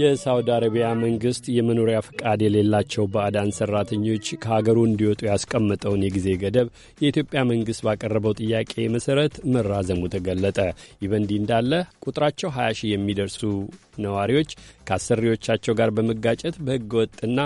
የሳውዲ አረቢያ መንግስት የመኖሪያ ፈቃድ የሌላቸው ባዕዳን ሰራተኞች ከሀገሩ እንዲወጡ ያስቀመጠውን የጊዜ ገደብ የኢትዮጵያ መንግስት ባቀረበው ጥያቄ መሰረት መራዘሙ ተገለጠ። ይህ በእንዲህ እንዳለ ቁጥራቸው 20 ሺህ የሚደርሱ ነዋሪዎች ከአሰሪዎቻቸው ጋር በመጋጨት በሕገ ወጥና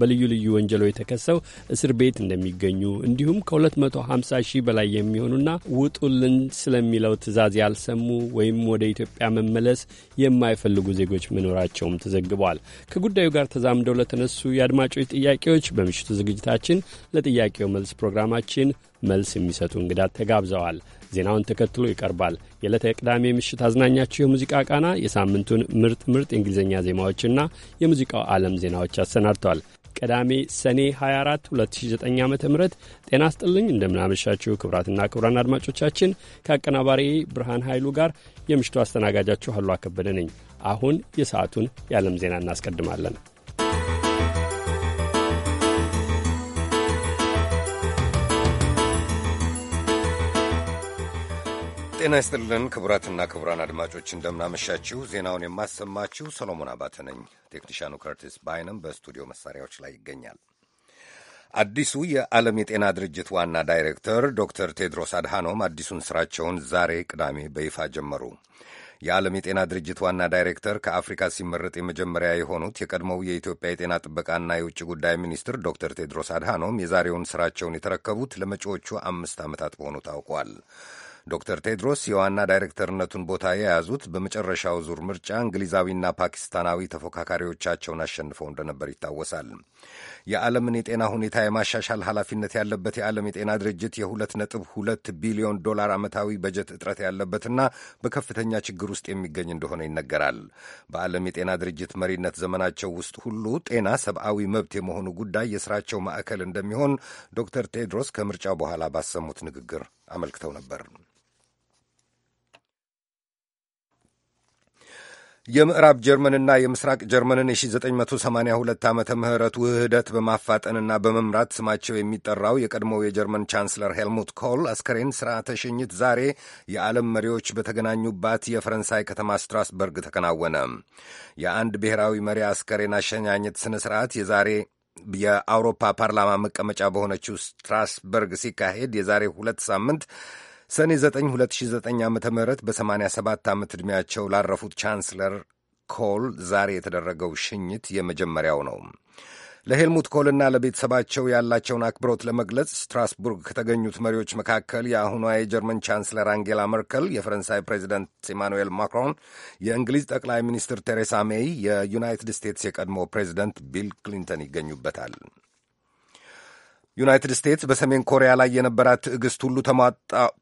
በልዩ ልዩ ወንጀሎች የተከሰው እስር ቤት እንደሚገኙ እንዲሁም ከ250 ሺህ በላይ የሚሆኑና ውጡልን ስለሚለው ትዕዛዝ ያልሰሙ ወይም ወደ ኢትዮጵያ መመለስ የማይፈልጉ ዜጎች መኖራቸውም ተዘግቧል። ከጉዳዩ ጋር ተዛምደው ለተነሱ የአድማጮች ጥያቄዎች በምሽቱ ዝግጅታችን ለጥያቄው መልስ ፕሮግራማችን መልስ የሚሰጡ እንግዳ ተጋብዘዋል። ዜናውን ተከትሎ ይቀርባል። የዕለተ ቅዳሜ ምሽት አዝናኛችሁ የሙዚቃ ቃና የሳምንቱን ምርጥ ምርጥ የእንግሊዝኛ ዜማዎችና የሙዚቃው ዓለም ዜናዎች አሰናድተዋል። ቅዳሜ ሰኔ 24 2009 ዓ ም ጤና ስጥልኝ። እንደምናመሻችሁ ክቡራትና ክቡራን አድማጮቻችን ከአቀናባሪ ብርሃን ኃይሉ ጋር የምሽቱ አስተናጋጃችሁ አሉ አከበደ ነኝ። አሁን የሰዓቱን የዓለም ዜና እናስቀድማለን። ጤና ይስጥልን ክቡራትና ክቡራን አድማጮች እንደምናመሻችሁ። ዜናውን የማሰማችሁ ሰሎሞን አባተ ነኝ። ቴክኒሻኑ ከርቲስ ባይንም በስቱዲዮ መሳሪያዎች ላይ ይገኛል። አዲሱ የዓለም የጤና ድርጅት ዋና ዳይሬክተር ዶክተር ቴድሮስ አድሃኖም አዲሱን ስራቸውን ዛሬ ቅዳሜ በይፋ ጀመሩ። የዓለም የጤና ድርጅት ዋና ዳይሬክተር ከአፍሪካ ሲመረጥ የመጀመሪያ የሆኑት የቀድሞው የኢትዮጵያ የጤና ጥበቃና የውጭ ጉዳይ ሚኒስትር ዶክተር ቴድሮስ አድሃኖም የዛሬውን ስራቸውን የተረከቡት ለመጪዎቹ አምስት ዓመታት መሆኑ ታውቋል። ዶክተር ቴድሮስ የዋና ዳይሬክተርነቱን ቦታ የያዙት በመጨረሻው ዙር ምርጫ እንግሊዛዊና ፓኪስታናዊ ተፎካካሪዎቻቸውን አሸንፈው እንደነበር ይታወሳል። የዓለምን የጤና ሁኔታ የማሻሻል ኃላፊነት ያለበት የዓለም የጤና ድርጅት የሁለት ነጥብ ሁለት ቢሊዮን ዶላር ዓመታዊ በጀት እጥረት ያለበትና በከፍተኛ ችግር ውስጥ የሚገኝ እንደሆነ ይነገራል። በዓለም የጤና ድርጅት መሪነት ዘመናቸው ውስጥ ሁሉ ጤና ሰብአዊ መብት የመሆኑ ጉዳይ የስራቸው ማዕከል እንደሚሆን ዶክተር ቴድሮስ ከምርጫው በኋላ ባሰሙት ንግግር አመልክተው ነበር። የምዕራብ ጀርመንና የምስራቅ ጀርመንን የ1982 ዓ ምህረት ውህደት በማፋጠንና በመምራት ስማቸው የሚጠራው የቀድሞው የጀርመን ቻንስለር ሄልሙት ኮል አስከሬን ስርዓተ ሽኝት ዛሬ የዓለም መሪዎች በተገናኙባት የፈረንሳይ ከተማ ስትራስበርግ ተከናወነ። የአንድ ብሔራዊ መሪ አስከሬን አሸኛኘት ስነ ስርዓት የዛሬ የአውሮፓ ፓርላማ መቀመጫ በሆነችው ስትራስበርግ ሲካሄድ የዛሬ ሁለት ሳምንት ሰኔ 9 2009 ዓ ም በ87 ዓመት ዕድሜያቸው ላረፉት ቻንስለር ኮል ዛሬ የተደረገው ሽኝት የመጀመሪያው ነው። ለሄልሙት ኮልና ለቤተሰባቸው ያላቸውን አክብሮት ለመግለጽ ስትራስቡርግ ከተገኙት መሪዎች መካከል የአሁኗ የጀርመን ቻንስለር አንጌላ መርከል፣ የፈረንሳይ ፕሬዚደንት ኢማኑኤል ማክሮን፣ የእንግሊዝ ጠቅላይ ሚኒስትር ቴሬሳ ሜይ፣ የዩናይትድ ስቴትስ የቀድሞ ፕሬዚደንት ቢል ክሊንተን ይገኙበታል። ዩናይትድ ስቴትስ በሰሜን ኮሪያ ላይ የነበራት ትዕግስት ሁሉ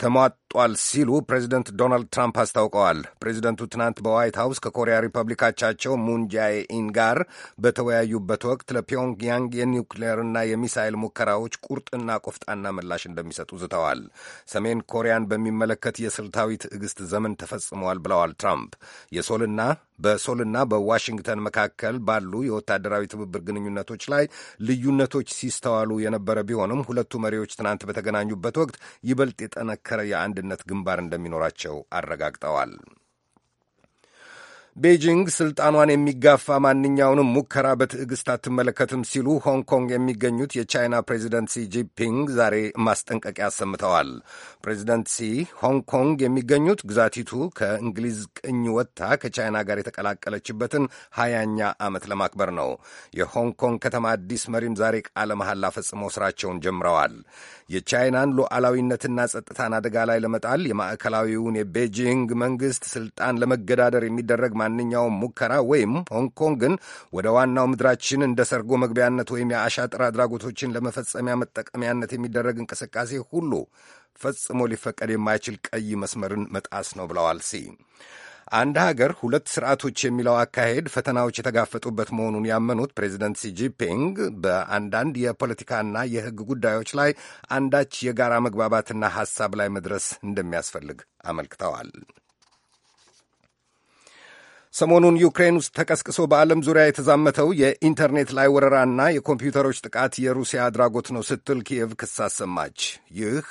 ተሟጧል ሲሉ ፕሬዚደንት ዶናልድ ትራምፕ አስታውቀዋል። ፕሬዚደንቱ ትናንት በዋይት ሀውስ ከኮሪያ ሪፐብሊካቻቸው አቻቸው ጋር በተወያዩበት ወቅት ለፒዮንግያንግ የኒውክሌርና የሚሳይል ሙከራዎች ቁርጥና ቆፍጣና ምላሽ እንደሚሰጡ ዝተዋል። ሰሜን ኮሪያን በሚመለከት የስልታዊ ትዕግስት ዘመን ተፈጽመዋል ብለዋል ትራምፕ የሶልና በሶልና በዋሽንግተን መካከል ባሉ የወታደራዊ ትብብር ግንኙነቶች ላይ ልዩነቶች ሲስተዋሉ የነበረ ቢሆንም ሁለቱ መሪዎች ትናንት በተገናኙበት ወቅት ይበልጥ የጠነከረ የአንድነት ግንባር እንደሚኖራቸው አረጋግጠዋል። ቤጂንግ ስልጣኗን የሚጋፋ ማንኛውንም ሙከራ በትዕግስት አትመለከትም ሲሉ ሆንግ ኮንግ የሚገኙት የቻይና ፕሬዚደንት ሲ ጂንፒንግ ዛሬ ማስጠንቀቂያ አሰምተዋል። ፕሬዚደንት ሲ ሆንግ ኮንግ የሚገኙት ግዛቲቱ ከእንግሊዝ ቅኝ ወጥታ ከቻይና ጋር የተቀላቀለችበትን ሀያኛ ዓመት ለማክበር ነው። የሆንግ ኮንግ ከተማ አዲስ መሪም ዛሬ ቃለ መሐላ ፈጽመው ስራቸውን ጀምረዋል። የቻይናን ሉዓላዊነትና ጸጥታን አደጋ ላይ ለመጣል የማዕከላዊውን የቤጂንግ መንግስት ስልጣን ለመገዳደር የሚደረግ ማንኛውም ሙከራ ወይም ሆንግ ኮንግን ወደ ዋናው ምድራችን እንደ ሰርጎ መግቢያነት ወይም የአሻጥር አድራጎቶችን ለመፈጸሚያ መጠቀሚያነት የሚደረግ እንቅስቃሴ ሁሉ ፈጽሞ ሊፈቀድ የማይችል ቀይ መስመርን መጣስ ነው ብለዋል ሲ አንድ ሀገር ሁለት ስርዓቶች የሚለው አካሄድ ፈተናዎች የተጋፈጡበት መሆኑን ያመኑት ፕሬዚደንት ሲጂፒንግ በአንዳንድ የፖለቲካና የሕግ ጉዳዮች ላይ አንዳች የጋራ መግባባትና ሐሳብ ላይ መድረስ እንደሚያስፈልግ አመልክተዋል። ሰሞኑን ዩክሬን ውስጥ ተቀስቅሶ በዓለም ዙሪያ የተዛመተው የኢንተርኔት ላይ ወረራና የኮምፒውተሮች ጥቃት የሩሲያ አድራጎት ነው ስትል ኪየቭ ክስ አሰማች። ይህ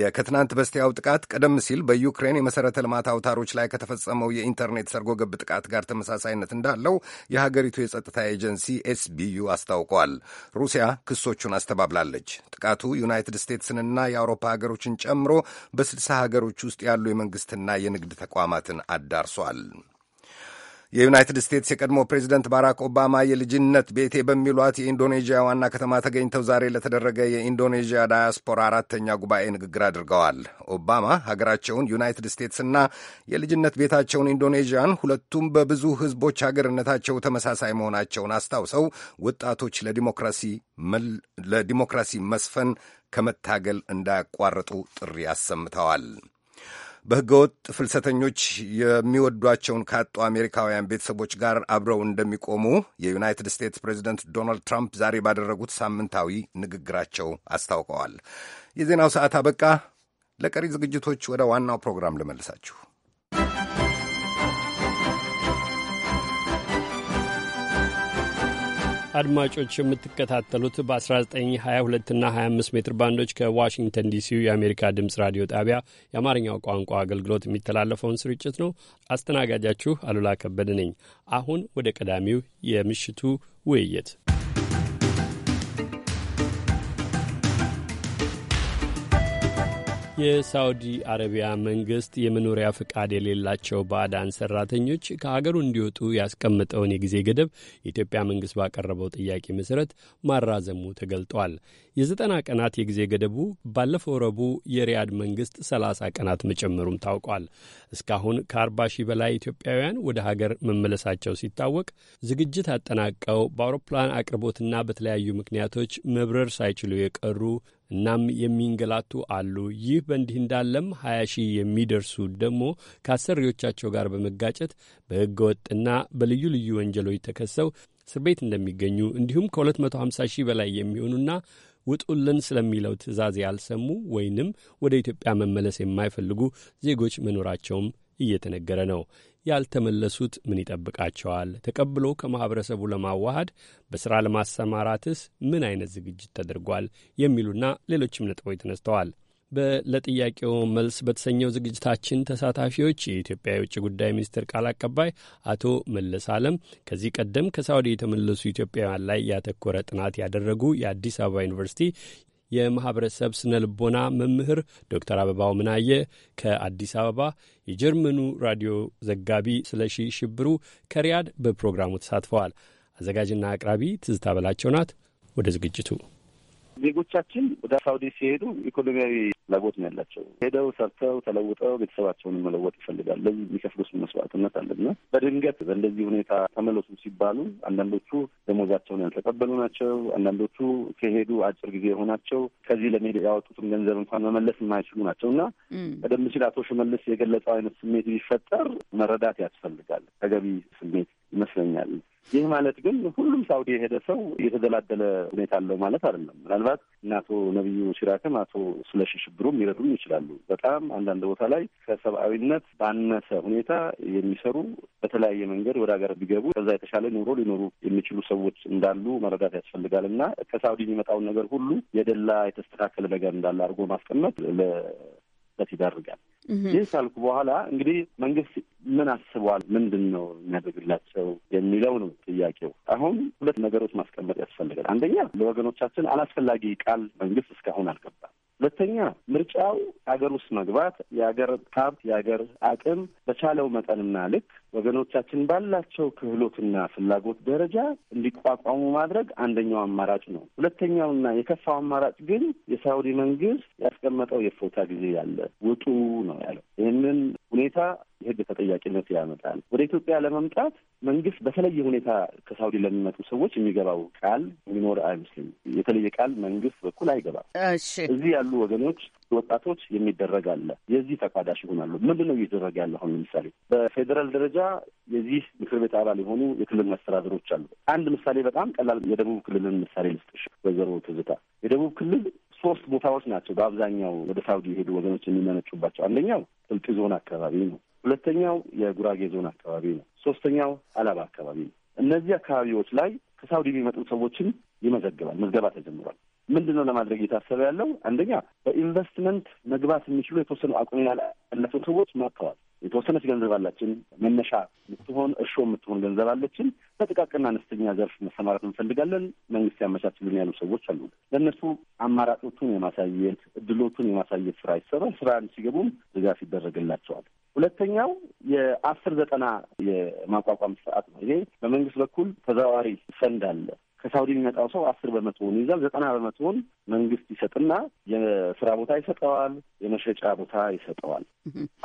የከትናንት በስቲያው ጥቃት ቀደም ሲል በዩክሬን የመሠረተ ልማት አውታሮች ላይ ከተፈጸመው የኢንተርኔት ሰርጎ ገብ ጥቃት ጋር ተመሳሳይነት እንዳለው የሀገሪቱ የጸጥታ ኤጀንሲ ኤስቢዩ አስታውቋል። ሩሲያ ክሶቹን አስተባብላለች። ጥቃቱ ዩናይትድ ስቴትስንና የአውሮፓ ሀገሮችን ጨምሮ በስልሳ ሀገሮች ውስጥ ያሉ የመንግሥትና የንግድ ተቋማትን አዳርሷል። የዩናይትድ ስቴትስ የቀድሞ ፕሬዚደንት ባራክ ኦባማ የልጅነት ቤቴ በሚሏት የኢንዶኔዥያ ዋና ከተማ ተገኝተው ዛሬ ለተደረገ የኢንዶኔዥያ ዳያስፖራ አራተኛ ጉባኤ ንግግር አድርገዋል። ኦባማ ሀገራቸውን ዩናይትድ ስቴትስና የልጅነት ቤታቸውን ኢንዶኔዥያን ሁለቱም በብዙ ሕዝቦች ሀገርነታቸው ተመሳሳይ መሆናቸውን አስታውሰው ወጣቶች ለዲሞክራሲ መስፈን ከመታገል እንዳያቋርጡ ጥሪ አሰምተዋል። በህገወጥ ፍልሰተኞች የሚወዷቸውን ካጡ አሜሪካውያን ቤተሰቦች ጋር አብረው እንደሚቆሙ የዩናይትድ ስቴትስ ፕሬዚደንት ዶናልድ ትራምፕ ዛሬ ባደረጉት ሳምንታዊ ንግግራቸው አስታውቀዋል። የዜናው ሰዓት አበቃ። ለቀሪ ዝግጅቶች ወደ ዋናው ፕሮግራም ልመልሳችሁ። አድማጮች የምትከታተሉት በ1922 እና 25 ሜትር ባንዶች ከዋሽንግተን ዲሲው የአሜሪካ ድምፅ ራዲዮ ጣቢያ የአማርኛው ቋንቋ አገልግሎት የሚተላለፈውን ስርጭት ነው። አስተናጋጃችሁ አሉላ ከበደ ነኝ። አሁን ወደ ቀዳሚው የምሽቱ ውይይት የሳውዲ አረቢያ መንግስት የመኖሪያ ፍቃድ የሌላቸው ባዕዳን ሰራተኞች ከሀገሩ እንዲወጡ ያስቀመጠውን የጊዜ ገደብ የኢትዮጵያ መንግስት ባቀረበው ጥያቄ መሠረት ማራዘሙ ተገልጧል። የዘጠና ቀናት የጊዜ ገደቡ ባለፈው ረቡዕ የሪያድ መንግስት 30 ቀናት መጨመሩም ታውቋል። እስካሁን ከ40 ሺህ በላይ ኢትዮጵያውያን ወደ ሀገር መመለሳቸው ሲታወቅ ዝግጅት አጠናቀው በአውሮፕላን አቅርቦትና በተለያዩ ምክንያቶች መብረር ሳይችሉ የቀሩ እናም የሚንገላቱ አሉ። ይህ በእንዲህ እንዳለም ሀያ ሺህ የሚደርሱ ደግሞ ከአሰሪዎቻቸው ጋር በመጋጨት በሕገ ወጥና በልዩ ልዩ ወንጀሎች ተከሰው እስር ቤት እንደሚገኙ እንዲሁም ከ250 ሺህ በላይ የሚሆኑና ውጡልን ስለሚለው ትዕዛዝ ያልሰሙ ወይንም ወደ ኢትዮጵያ መመለስ የማይፈልጉ ዜጎች መኖራቸውም እየተነገረ ነው። ያልተመለሱት ምን ይጠብቃቸዋል? ተቀብሎ ከማኅበረሰቡ ለማዋሃድ በሥራ ለማሰማራትስ ምን አይነት ዝግጅት ተደርጓል? የሚሉና ሌሎችም ነጥቦች ተነስተዋል። ለጥያቄው መልስ በተሰኘው ዝግጅታችን ተሳታፊዎች የኢትዮጵያ የውጭ ጉዳይ ሚኒስቴር ቃል አቀባይ አቶ መለስ አለም ከዚህ ቀደም ከሳውዲ የተመለሱ ኢትዮጵያውያን ላይ ያተኮረ ጥናት ያደረጉ የአዲስ አበባ ዩኒቨርሲቲ የማህበረሰብ ስነ ልቦና መምህር ዶክተር አበባው ምናየ ከአዲስ አበባ፣ የጀርመኑ ራዲዮ ዘጋቢ ስለሺ ሽብሩ ከሪያድ በፕሮግራሙ ተሳትፈዋል። አዘጋጅና አቅራቢ ትዝታ በላቸው ናት። ወደ ዝግጅቱ ዜጎቻችን ወደ ሳውዲ ሲሄዱ ኢኮኖሚያዊ ፍላጎት ነው ያላቸው። ሄደው ሰርተው ተለውጠው ቤተሰባቸውን መለወጥ ይፈልጋል። ለዚህ የሚከፍሉት መስዋዕትነት አለና በድንገት በእንደዚህ ሁኔታ ተመለሱ ሲባሉ አንዳንዶቹ ደሞዛቸውን ያልተቀበሉ ናቸው። አንዳንዶቹ ከሄዱ አጭር ጊዜ የሆናቸው ከዚህ ለመሄድ ያወጡትን ገንዘብ እንኳን መመለስ የማይችሉ ናቸው እና ቀደም ሲል አቶ ሽመልስ የገለጸው አይነት ስሜት ቢፈጠር መረዳት ያስፈልጋል። ተገቢ ስሜት ይመስለኛል። ይህ ማለት ግን ሁሉም ሳውዲ የሄደ ሰው የተደላደለ ሁኔታ አለው ማለት አይደለም። ምናልባት እነ አቶ ነቢዩ ሲራክም አቶ ስለሺ ሽብሩም ሊረዱም ይችላሉ። በጣም አንዳንድ ቦታ ላይ ከሰብአዊነት ባነሰ ሁኔታ የሚሰሩ በተለያየ መንገድ ወደ ሀገር ቢገቡ ከዛ የተሻለ ኑሮ ሊኖሩ የሚችሉ ሰዎች እንዳሉ መረዳት ያስፈልጋል እና ከሳውዲ የሚመጣውን ነገር ሁሉ የደላ የተስተካከለ ነገር እንዳለ አድርጎ ማስቀመጥ ለበት ይዳርጋል። ይህን ካልኩ በኋላ እንግዲህ መንግስት ምን አስቧል? ምንድን ነው የሚያደርግላቸው የሚለው ነው ጥያቄው። አሁን ሁለት ነገሮች ማስቀመጥ ያስፈልጋል። አንደኛ ለወገኖቻችን አላስፈላጊ ቃል መንግስት እስካሁን አልገባም። ሁለተኛ ምርጫው የሀገር ውስጥ መግባት የሀገር ሀብት የሀገር አቅም በቻለው መጠንና ልክ ወገኖቻችን ባላቸው ክህሎትና ፍላጎት ደረጃ እንዲቋቋሙ ማድረግ አንደኛው አማራጭ ነው። ሁለተኛውና የከፋው አማራጭ ግን የሳውዲ መንግስት ያስቀመጠው የፎታ ጊዜ ያለ ውጡ ነው ያለው። ይህንን ሁኔታ የህግ ተጠያቂነት ያመጣል። ወደ ኢትዮጵያ ለመምጣት መንግስት በተለየ ሁኔታ ከሳውዲ ለሚመጡ ሰዎች የሚገባው ቃል የሚኖር አይመስልም። የተለየ ቃል መንግስት በኩል አይገባም። እዚህ ያሉ ወገኖች ወጣቶች የሚደረግ አለ። የዚህ ተቋዳሽ ይሆናሉ። ምንድን ነው እየተደረገ ያለ? አሁን ለምሳሌ በፌዴራል ደረጃ የዚህ ምክር ቤት አባል የሆኑ የክልል መስተዳደሮች አሉ። አንድ ምሳሌ በጣም ቀላል የደቡብ ክልልን ምሳሌ ልስጥሽ፣ ወይዘሮ ትዝታ የደቡብ ክልል ሶስት ቦታዎች ናቸው በአብዛኛው ወደ ሳውዲ የሄዱ ወገኖች የሚመነጩባቸው። አንደኛው ስልጤ ዞን አካባቢ ነው። ሁለተኛው የጉራጌ ዞን አካባቢ ነው። ሶስተኛው አላባ አካባቢ ነው። እነዚህ አካባቢዎች ላይ ከሳውዲ የሚመጡ ሰዎችን ይመዘግባል። ምዝገባ ተጀምሯል። ምንድን ነው ለማድረግ እየታሰበ ያለው? አንደኛ በኢንቨስትመንት መግባት የሚችሉ የተወሰኑ አቅም ያላቸው ሰዎች መጥተዋል። የተወሰነች ገንዘብ አላችን፣ መነሻ የምትሆን እርሾ የምትሆን ገንዘብ አለችን። በጥቃቅንና አነስተኛ ዘርፍ መሰማራት እንፈልጋለን፣ መንግስት ያመቻችልን ያሉ ሰዎች አሉ። ለእነሱ አማራጮቹን የማሳየት እድሎቹን የማሳየት ስራ ይሰራል። ስራ ሲገቡም ድጋፍ ይደረግላቸዋል። ሁለተኛው የአስር ዘጠና የማቋቋም ስርዓት ነው። ይሄ በመንግስት በኩል ተዘዋዋሪ ፈንድ አለ። ከሳውዲ የሚመጣው ሰው አስር በመቶውን ይዛል። ዘጠና በመቶውን መንግስት ይሰጥና የስራ ቦታ ይሰጠዋል፣ የመሸጫ ቦታ ይሰጠዋል።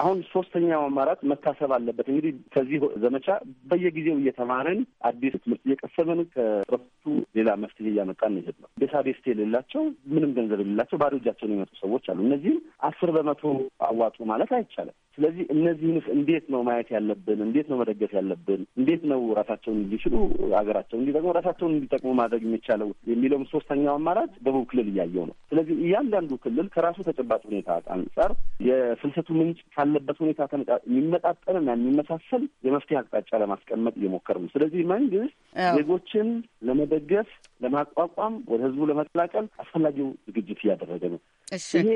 አሁን ሶስተኛው አማራጭ መታሰብ አለበት። እንግዲህ ከዚህ ዘመቻ በየጊዜው እየተማርን አዲስ ትምህርት እየቀሰምን ከረፍቱ ሌላ መፍትሄ እያመጣን ነው የሄድነው። ቤሳቤስቴ የሌላቸው ምንም ገንዘብ የሌላቸው ባዶ እጃቸውን የመጡ ሰዎች አሉ። እነዚህም አስር በመቶ አዋጡ ማለት አይቻልም። ስለዚህ እነዚህንስ እንዴት ነው ማየት ያለብን? እንዴት ነው መደገፍ ያለብን? እንዴት ነው ራሳቸውን እንዲችሉ ሀገራቸውን እንዲጠቅሙ ራሳቸውን እንዲጠቅሙ ተጠቅሞ ማድረግ የሚቻለው የሚለውም ሶስተኛው አማራጭ ደቡብ ክልል እያየው ነው። ስለዚህ እያንዳንዱ ክልል ከራሱ ተጨባጭ ሁኔታ አንጻር የፍልሰቱ ምንጭ ካለበት ሁኔታ የሚመጣጠንና የሚመሳሰል የመፍትሄ አቅጣጫ ለማስቀመጥ እየሞከር ነው። ስለዚህ መንግስት ዜጎችን ለመደገፍ፣ ለማቋቋም፣ ወደ ህዝቡ ለመቀላቀል አስፈላጊው ዝግጅት እያደረገ ነው። ይሄ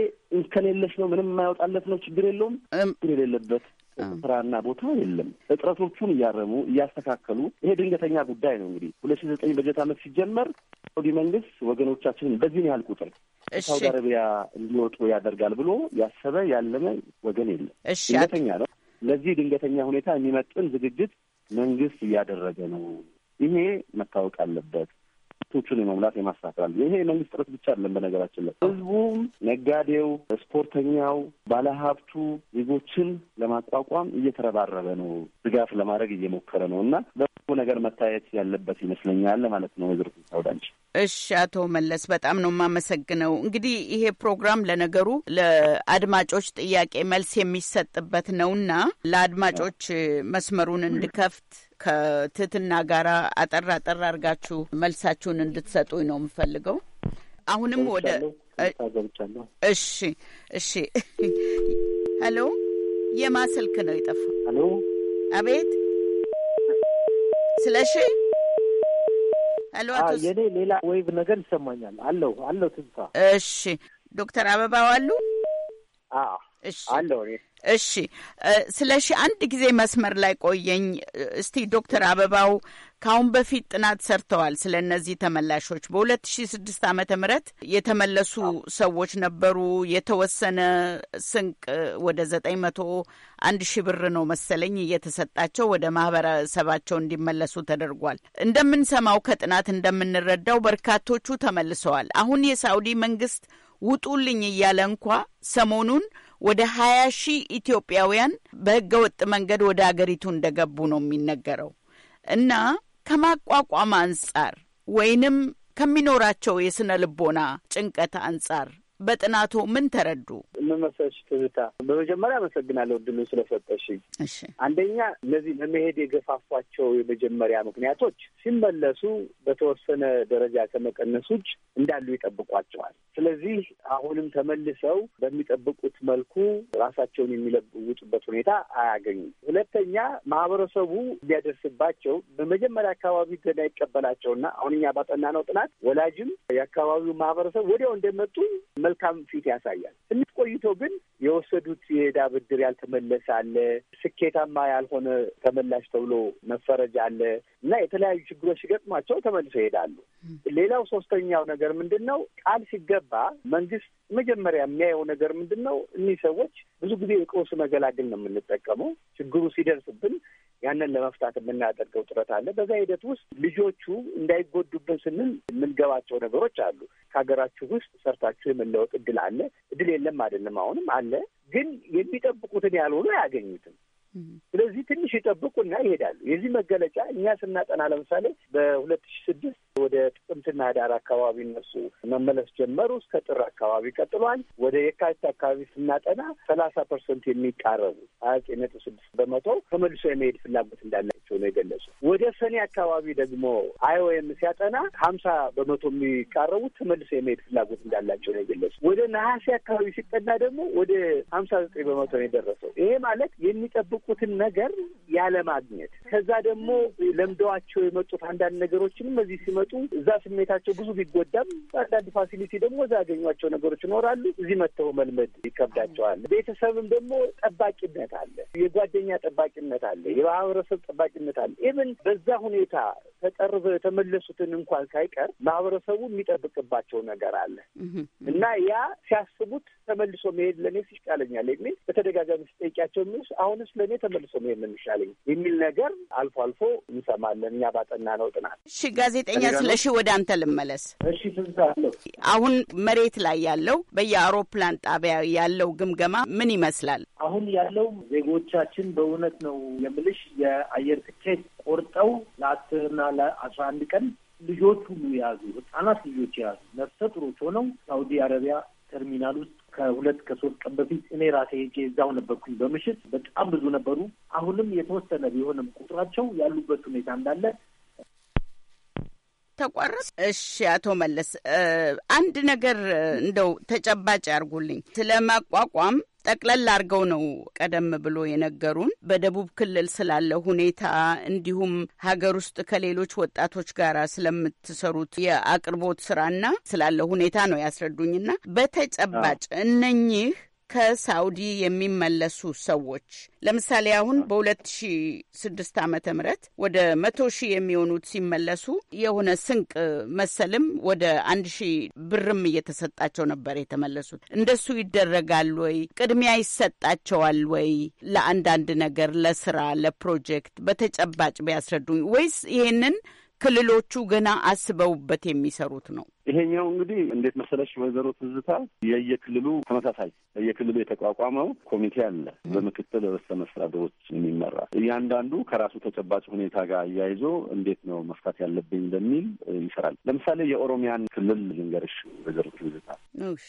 ከሌለሽ ነው ምንም የማያወጣለት ነው ችግር የለውም ችግር የሌለበት ስራና ቦታ የለም። እጥረቶቹን እያረሙ እያስተካከሉ ይሄ ድንገተኛ ጉዳይ ነው። እንግዲህ ሁለት ሺ ዘጠኝ በጀት ዓመት ሲጀመር ሳውዲ መንግስት ወገኖቻችንን በዚህን ያህል ቁጥር ሳውዲ አረቢያ እንዲወጡ ያደርጋል ብሎ ያሰበ ያለመ ወገን የለም። ድንገተኛ ነው። ለዚህ ድንገተኛ ሁኔታ የሚመጥን ዝግጅት መንግስት እያደረገ ነው። ይሄ መታወቅ አለበት። ክፍተቶቹን የመሙላት የማስተካከላል። ይሄ የመንግስት ጥረት ብቻ አይደለም። በነገራችን ላይ ህዝቡም፣ ነጋዴው፣ ስፖርተኛው፣ ባለሀብቱ ዜጎችን ለማቋቋም እየተረባረበ ነው፣ ድጋፍ ለማድረግ እየሞከረ ነው እና በብዙ ነገር መታየት ያለበት ይመስለኛል ማለት ነው። ወይዘሮ ታውዳንች እሺ፣ አቶ መለስ በጣም ነው የማመሰግነው። እንግዲህ ይሄ ፕሮግራም ለነገሩ ለአድማጮች ጥያቄ መልስ የሚሰጥበት ነውና ለአድማጮች መስመሩን እንድከፍት ከትህትና ጋር አጠር አጠር አድርጋችሁ መልሳችሁን እንድትሰጡኝ ነው የምፈልገው። አሁንም ወደ እሺ እሺ። ሄሎ፣ የማ ስልክ ነው የጠፋው? ሄሎ፣ አቤት ስለሺ የኔ ሌላ ወይብ ነገር ይሰማኛል። አለው አለው ትንሳ። እሺ ዶክተር አበባው አሉ። አለው እሺ ስለሺ አንድ ጊዜ መስመር ላይ ቆየኝ። እስቲ ዶክተር አበባው ከአሁን በፊት ጥናት ሰርተዋል ስለ እነዚህ ተመላሾች። በሁለት ሺ ስድስት ዓመተ ምህረት የተመለሱ ሰዎች ነበሩ። የተወሰነ ስንቅ ወደ ዘጠኝ መቶ አንድ ሺ ብር ነው መሰለኝ እየተሰጣቸው ወደ ማህበረሰባቸው እንዲመለሱ ተደርጓል። እንደምንሰማው ከጥናት እንደምንረዳው በርካቶቹ ተመልሰዋል። አሁን የሳውዲ መንግስት ውጡልኝ እያለ እንኳ ሰሞኑን ወደ ሀያ ሺህ ኢትዮጵያውያን በህገወጥ መንገድ ወደ አገሪቱ እንደገቡ ነው የሚነገረው እና ከማቋቋም አንጻር ወይንም ከሚኖራቸው የስነ ልቦና ጭንቀት አንጻር በጥናቱ ምን ተረዱ? ምን መሰለሽ ትዝታ፣ በመጀመሪያ አመሰግናለሁ እድሉን ስለሰጠሽኝ። አንደኛ እነዚህ ለመሄድ የገፋፏቸው የመጀመሪያ ምክንያቶች ሲመለሱ በተወሰነ ደረጃ ከመቀነስ ውጭ እንዳሉ ይጠብቋቸዋል። ስለዚህ አሁንም ተመልሰው በሚጠብቁት መልኩ ራሳቸውን የሚለውጡበት ሁኔታ አያገኙም። ሁለተኛ ማህበረሰቡ ሊያደርስባቸው በመጀመሪያ አካባቢ ገና ይቀበላቸውና አሁን እኛ ባጠናነው ጥናት ወላጅም የአካባቢው ማህበረሰብ ወዲያው እንደመጡ መልካም ፊት ያሳያል። ትንሽ ቆይቶ ግን የወሰዱት የዕዳ ብድር ያልተመለሰ አለ፣ ስኬታማ ያልሆነ ተመላሽ ተብሎ መፈረጅ አለ እና የተለያዩ ችግሮች ሲገጥሟቸው ተመልሶ ይሄዳሉ። ሌላው ሶስተኛው ነገር ምንድን ነው? ቃል ሲገባ መንግስት መጀመሪያ የሚያየው ነገር ምንድን ነው? እኒህ ሰዎች ብዙ ጊዜ የቀውስ መገላገል ነው የምንጠቀመው። ችግሩ ሲደርስብን ያንን ለመፍታት የምናደርገው ጥረት አለ። በዛ ሂደት ውስጥ ልጆቹ እንዳይጎዱበት ስንል የምንገባቸው ነገሮች አሉ። ከሀገራችሁ ውስጥ ሰርታችሁ የምን የመለወጥ እድል አለ። እድል የለም አይደለም፣ አሁንም አለ። ግን የሚጠብቁትን ያልሆኑ አያገኙትም። ስለዚህ ትንሽ ይጠብቁና ይሄዳሉ። የዚህ መገለጫ እኛ ስናጠና ለምሳሌ በሁለት ሺ ስድስት ወደ ጥቅምትና ህዳር አካባቢ እነሱ መመለስ ጀመሩ። እስከ ጥር አካባቢ ቀጥሏል። ወደ የካቲት አካባቢ ስናጠና ሰላሳ ፐርሰንት የሚቃረቡ ሀያ ዘጠኝ ነጥብ ስድስት በመቶ ተመልሶ የመሄድ ፍላጎት እንዳላቸው ነው የገለጹ። ወደ ሰኔ አካባቢ ደግሞ አይኦኤም ሲያጠና ሀምሳ በመቶ የሚቃረቡ ተመልሶ የመሄድ ፍላጎት እንዳላቸው ነው የገለጹ። ወደ ነሐሴ አካባቢ ሲጠና ደግሞ ወደ ሀምሳ ዘጠኝ በመቶ ነው የደረሰው። ይሄ ማለት የሚጠብቁ ያወቁትን ነገር ያለማግኘት ከዛ ደግሞ ለምደዋቸው የመጡት አንዳንድ ነገሮችንም እዚህ ሲመጡ እዛ ስሜታቸው ብዙ ቢጎዳም አንዳንድ ፋሲሊቲ ደግሞ እዛ ያገኟቸው ነገሮች ይኖራሉ። እዚህ መጥተው መልመድ ይከብዳቸዋል። ቤተሰብም ደግሞ ጠባቂነት አለ፣ የጓደኛ ጠባቂነት አለ፣ የማህበረሰብ ጠባቂነት አለ። ኢብን በዛ ሁኔታ ተጠርበ የተመለሱትን እንኳን ሳይቀር ማህበረሰቡ የሚጠብቅባቸው ነገር አለ እና ያ ሲያስቡት ተመልሶ መሄድ ለእኔ ይሻለኛል የሚል በተደጋጋሚ ስጠይቂያቸው የሚሉስ አሁንስ ለእኔ እኔ ተመልሶ ነው የምንሻለኝ የሚል ነገር አልፎ አልፎ እንሰማለን። እኛ ባጠና ነው ጥናት። እሺ ጋዜጠኛ ስለሺ ወደ አንተ ልመለስ። እሺ አሁን መሬት ላይ ያለው በየአውሮፕላን ጣቢያ ያለው ግምገማ ምን ይመስላል? አሁን ያለው ዜጎቻችን በእውነት ነው የምልሽ የአየር ትኬት ቆርጠው ለአስርና ለአስራ አንድ ቀን ልጆች ሁሉ የያዙ ህጻናት ልጆች የያዙ ነፍሰ ጡሮች ሆነው ሳውዲ አረቢያ ተርሚናል ውስጥ ከሁለት ከሶስት ቀን በፊት እኔ ራሴ ሄጄ እዛው ነበርኩኝ በምሽት። በጣም ብዙ ነበሩ። አሁንም የተወሰነ ቢሆንም ቁጥራቸው ያሉበት ሁኔታ እንዳለ ተቋረጥ። እሺ አቶ መለስ አንድ ነገር እንደው ተጨባጭ ያርጉልኝ ስለ ማቋቋም ጠቅለል አድርገው ነው ቀደም ብሎ የነገሩን በደቡብ ክልል ስላለ ሁኔታ እንዲሁም ሀገር ውስጥ ከሌሎች ወጣቶች ጋር ስለምትሰሩት የአቅርቦት ስራና ስላለ ሁኔታ ነው ያስረዱኝና በተጨባጭ እነኚህ ከሳውዲ የሚመለሱ ሰዎች ለምሳሌ አሁን በ2006 ዓ ም ወደ መቶ ሺህ የሚሆኑት ሲመለሱ የሆነ ስንቅ መሰልም ወደ አንድ ሺህ ብርም እየተሰጣቸው ነበር የተመለሱት። እንደሱ ይደረጋል ወይ? ቅድሚያ ይሰጣቸዋል ወይ? ለአንዳንድ ነገር፣ ለስራ፣ ለፕሮጀክት በተጨባጭ ቢያስረዱኝ። ወይስ ይሄንን ክልሎቹ ገና አስበውበት የሚሰሩት ነው? ይሄኛው እንግዲህ እንዴት መሰለሽ ወይዘሮ ትዝታ የየክልሉ ተመሳሳይ የየክልሉ የተቋቋመው ኮሚቴ አለ፣ በምክትል ርዕሰ መስተዳድሮች የሚመራ እያንዳንዱ ከራሱ ተጨባጭ ሁኔታ ጋር አያይዞ እንዴት ነው መፍታት ያለብኝ በሚል ይሰራል። ለምሳሌ የኦሮሚያን ክልል ልንገርሽ ወይዘሮ ትዝታ፣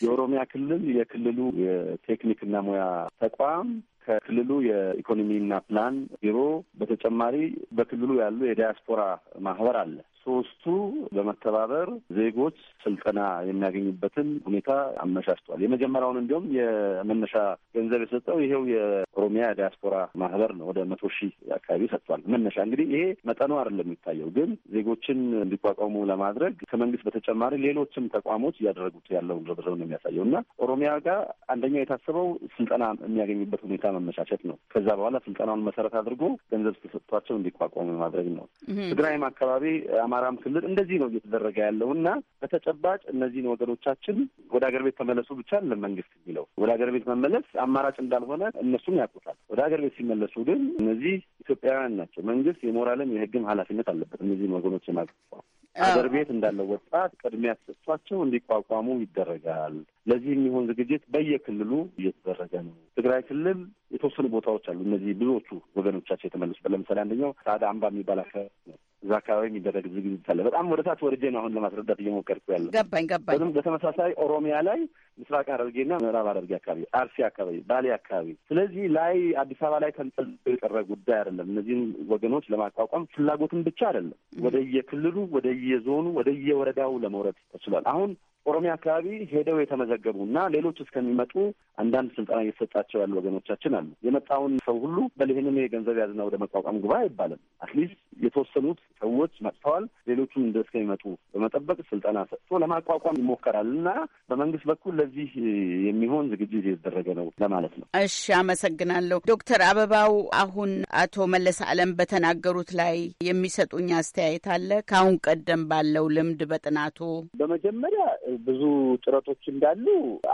የኦሮሚያ ክልል የክልሉ የቴክኒክና ሙያ ተቋም ከክልሉ የኢኮኖሚና ፕላን ቢሮ በተጨማሪ በክልሉ ያሉ የዲያስፖራ ማህበር አለ። ሶስቱ በመተባበር ዜጎች ስልጠና የሚያገኙበትን ሁኔታ አመቻችቷል። የመጀመሪያውን እንዲሁም የመነሻ ገንዘብ የሰጠው ይሄው የኦሮሚያ ዲያስፖራ ማህበር ነው። ወደ መቶ ሺህ አካባቢ ሰጥቷል። መነሻ እንግዲህ ይሄ መጠኑ አይደለም የሚታየው፣ ግን ዜጎችን እንዲቋቋሙ ለማድረግ ከመንግስት በተጨማሪ ሌሎችም ተቋሞች እያደረጉት ያለውን ርብርብ ነው የሚያሳየው እና ኦሮሚያ ጋር አንደኛው የታሰበው ስልጠና የሚያገኙበት ሁኔታ መመቻቸት ነው። ከዛ በኋላ ስልጠናውን መሰረት አድርጎ ገንዘብ ተሰጥቷቸው እንዲቋቋሙ ማድረግ ነው። ትግራይም አካባቢ፣ አማራም ክልል እንደዚህ ነው እየተደረገ ያለው እና በተጨባጭ እነዚህን ወገኖቻችን ወደ ሀገር ቤት ተመለሱ ብቻ ለን መንግስት የሚለው ወደ ሀገር ቤት መመለስ አማራጭ እንዳልሆነ እነሱም ያውቁታል። ወደ ሀገር ቤት ሲመለሱ ግን እነዚህ ኢትዮጵያውያን ናቸው። መንግስት የሞራልም የህግም ኃላፊነት አለበት እነዚህን ወገኖች የማቋቋም ሀገር ቤት እንዳለው ወጣት ቅድሚያ ተሰጥቷቸው እንዲቋቋሙ ይደረጋል። ለዚህ የሚሆን ዝግጅት በየክልሉ እየተደረገ ነው። ትግራይ ክልል የተወሰኑ ቦታዎች አሉ። እነዚህ ብዙዎቹ ወገኖቻቸው የተመለሱበት ለምሳሌ አንደኛው ሳዳ አምባ የሚባል አካባቢ ነው። እዛ አካባቢ የሚደረግ ዝግጅት አለ። በጣም ወደ ታች ወርጄ ነው አሁን ለማስረዳት እየሞከርኩ ያለ። ገባኝ ገባኝ። በተመሳሳይ ኦሮሚያ ላይ ምስራቅ ሐረርጌና ምዕራብ አደርጌ አካባቢ፣ አርሲ አካባቢ፣ ባሌ አካባቢ፣ ስለዚህ ላይ አዲስ አበባ ላይ ተንጠልጥሎ የቀረ ጉዳይ አይደለም። እነዚህም ወገኖች ለማቋቋም ፍላጎትም ብቻ አይደለም፣ ወደየክልሉ ወደየዞኑ ወደየወረዳው ለመውረድ ተችሏል። አሁን ኦሮሚያ አካባቢ ሄደው የተመዘገቡ እና ሌሎች እስከሚመጡ አንዳንድ ስልጠና እየተሰጣቸው ያሉ ወገኖቻችን አሉ። የመጣውን ሰው ሁሉ በልህንን የገንዘብ ያዝና ወደ መቋቋም ግባ አይባልም። አትሊስት የተወሰኑት ሰዎች መጥተዋል። ሌሎቹም እንደ እስከሚመጡ በመጠበቅ ስልጠና ሰጥቶ ለማቋቋም ይሞከራል እና በመንግስት በኩል ለዚህ የሚሆን ዝግጅት የተደረገ ነው ለማለት ነው። እሺ፣ አመሰግናለሁ ዶክተር አበባው። አሁን አቶ መለስ አለም በተናገሩት ላይ የሚሰጡኝ አስተያየት አለ ከአሁን ቀደም ባለው ልምድ በጥናቱ በመጀመሪያ ብዙ ጥረቶች እንዳሉ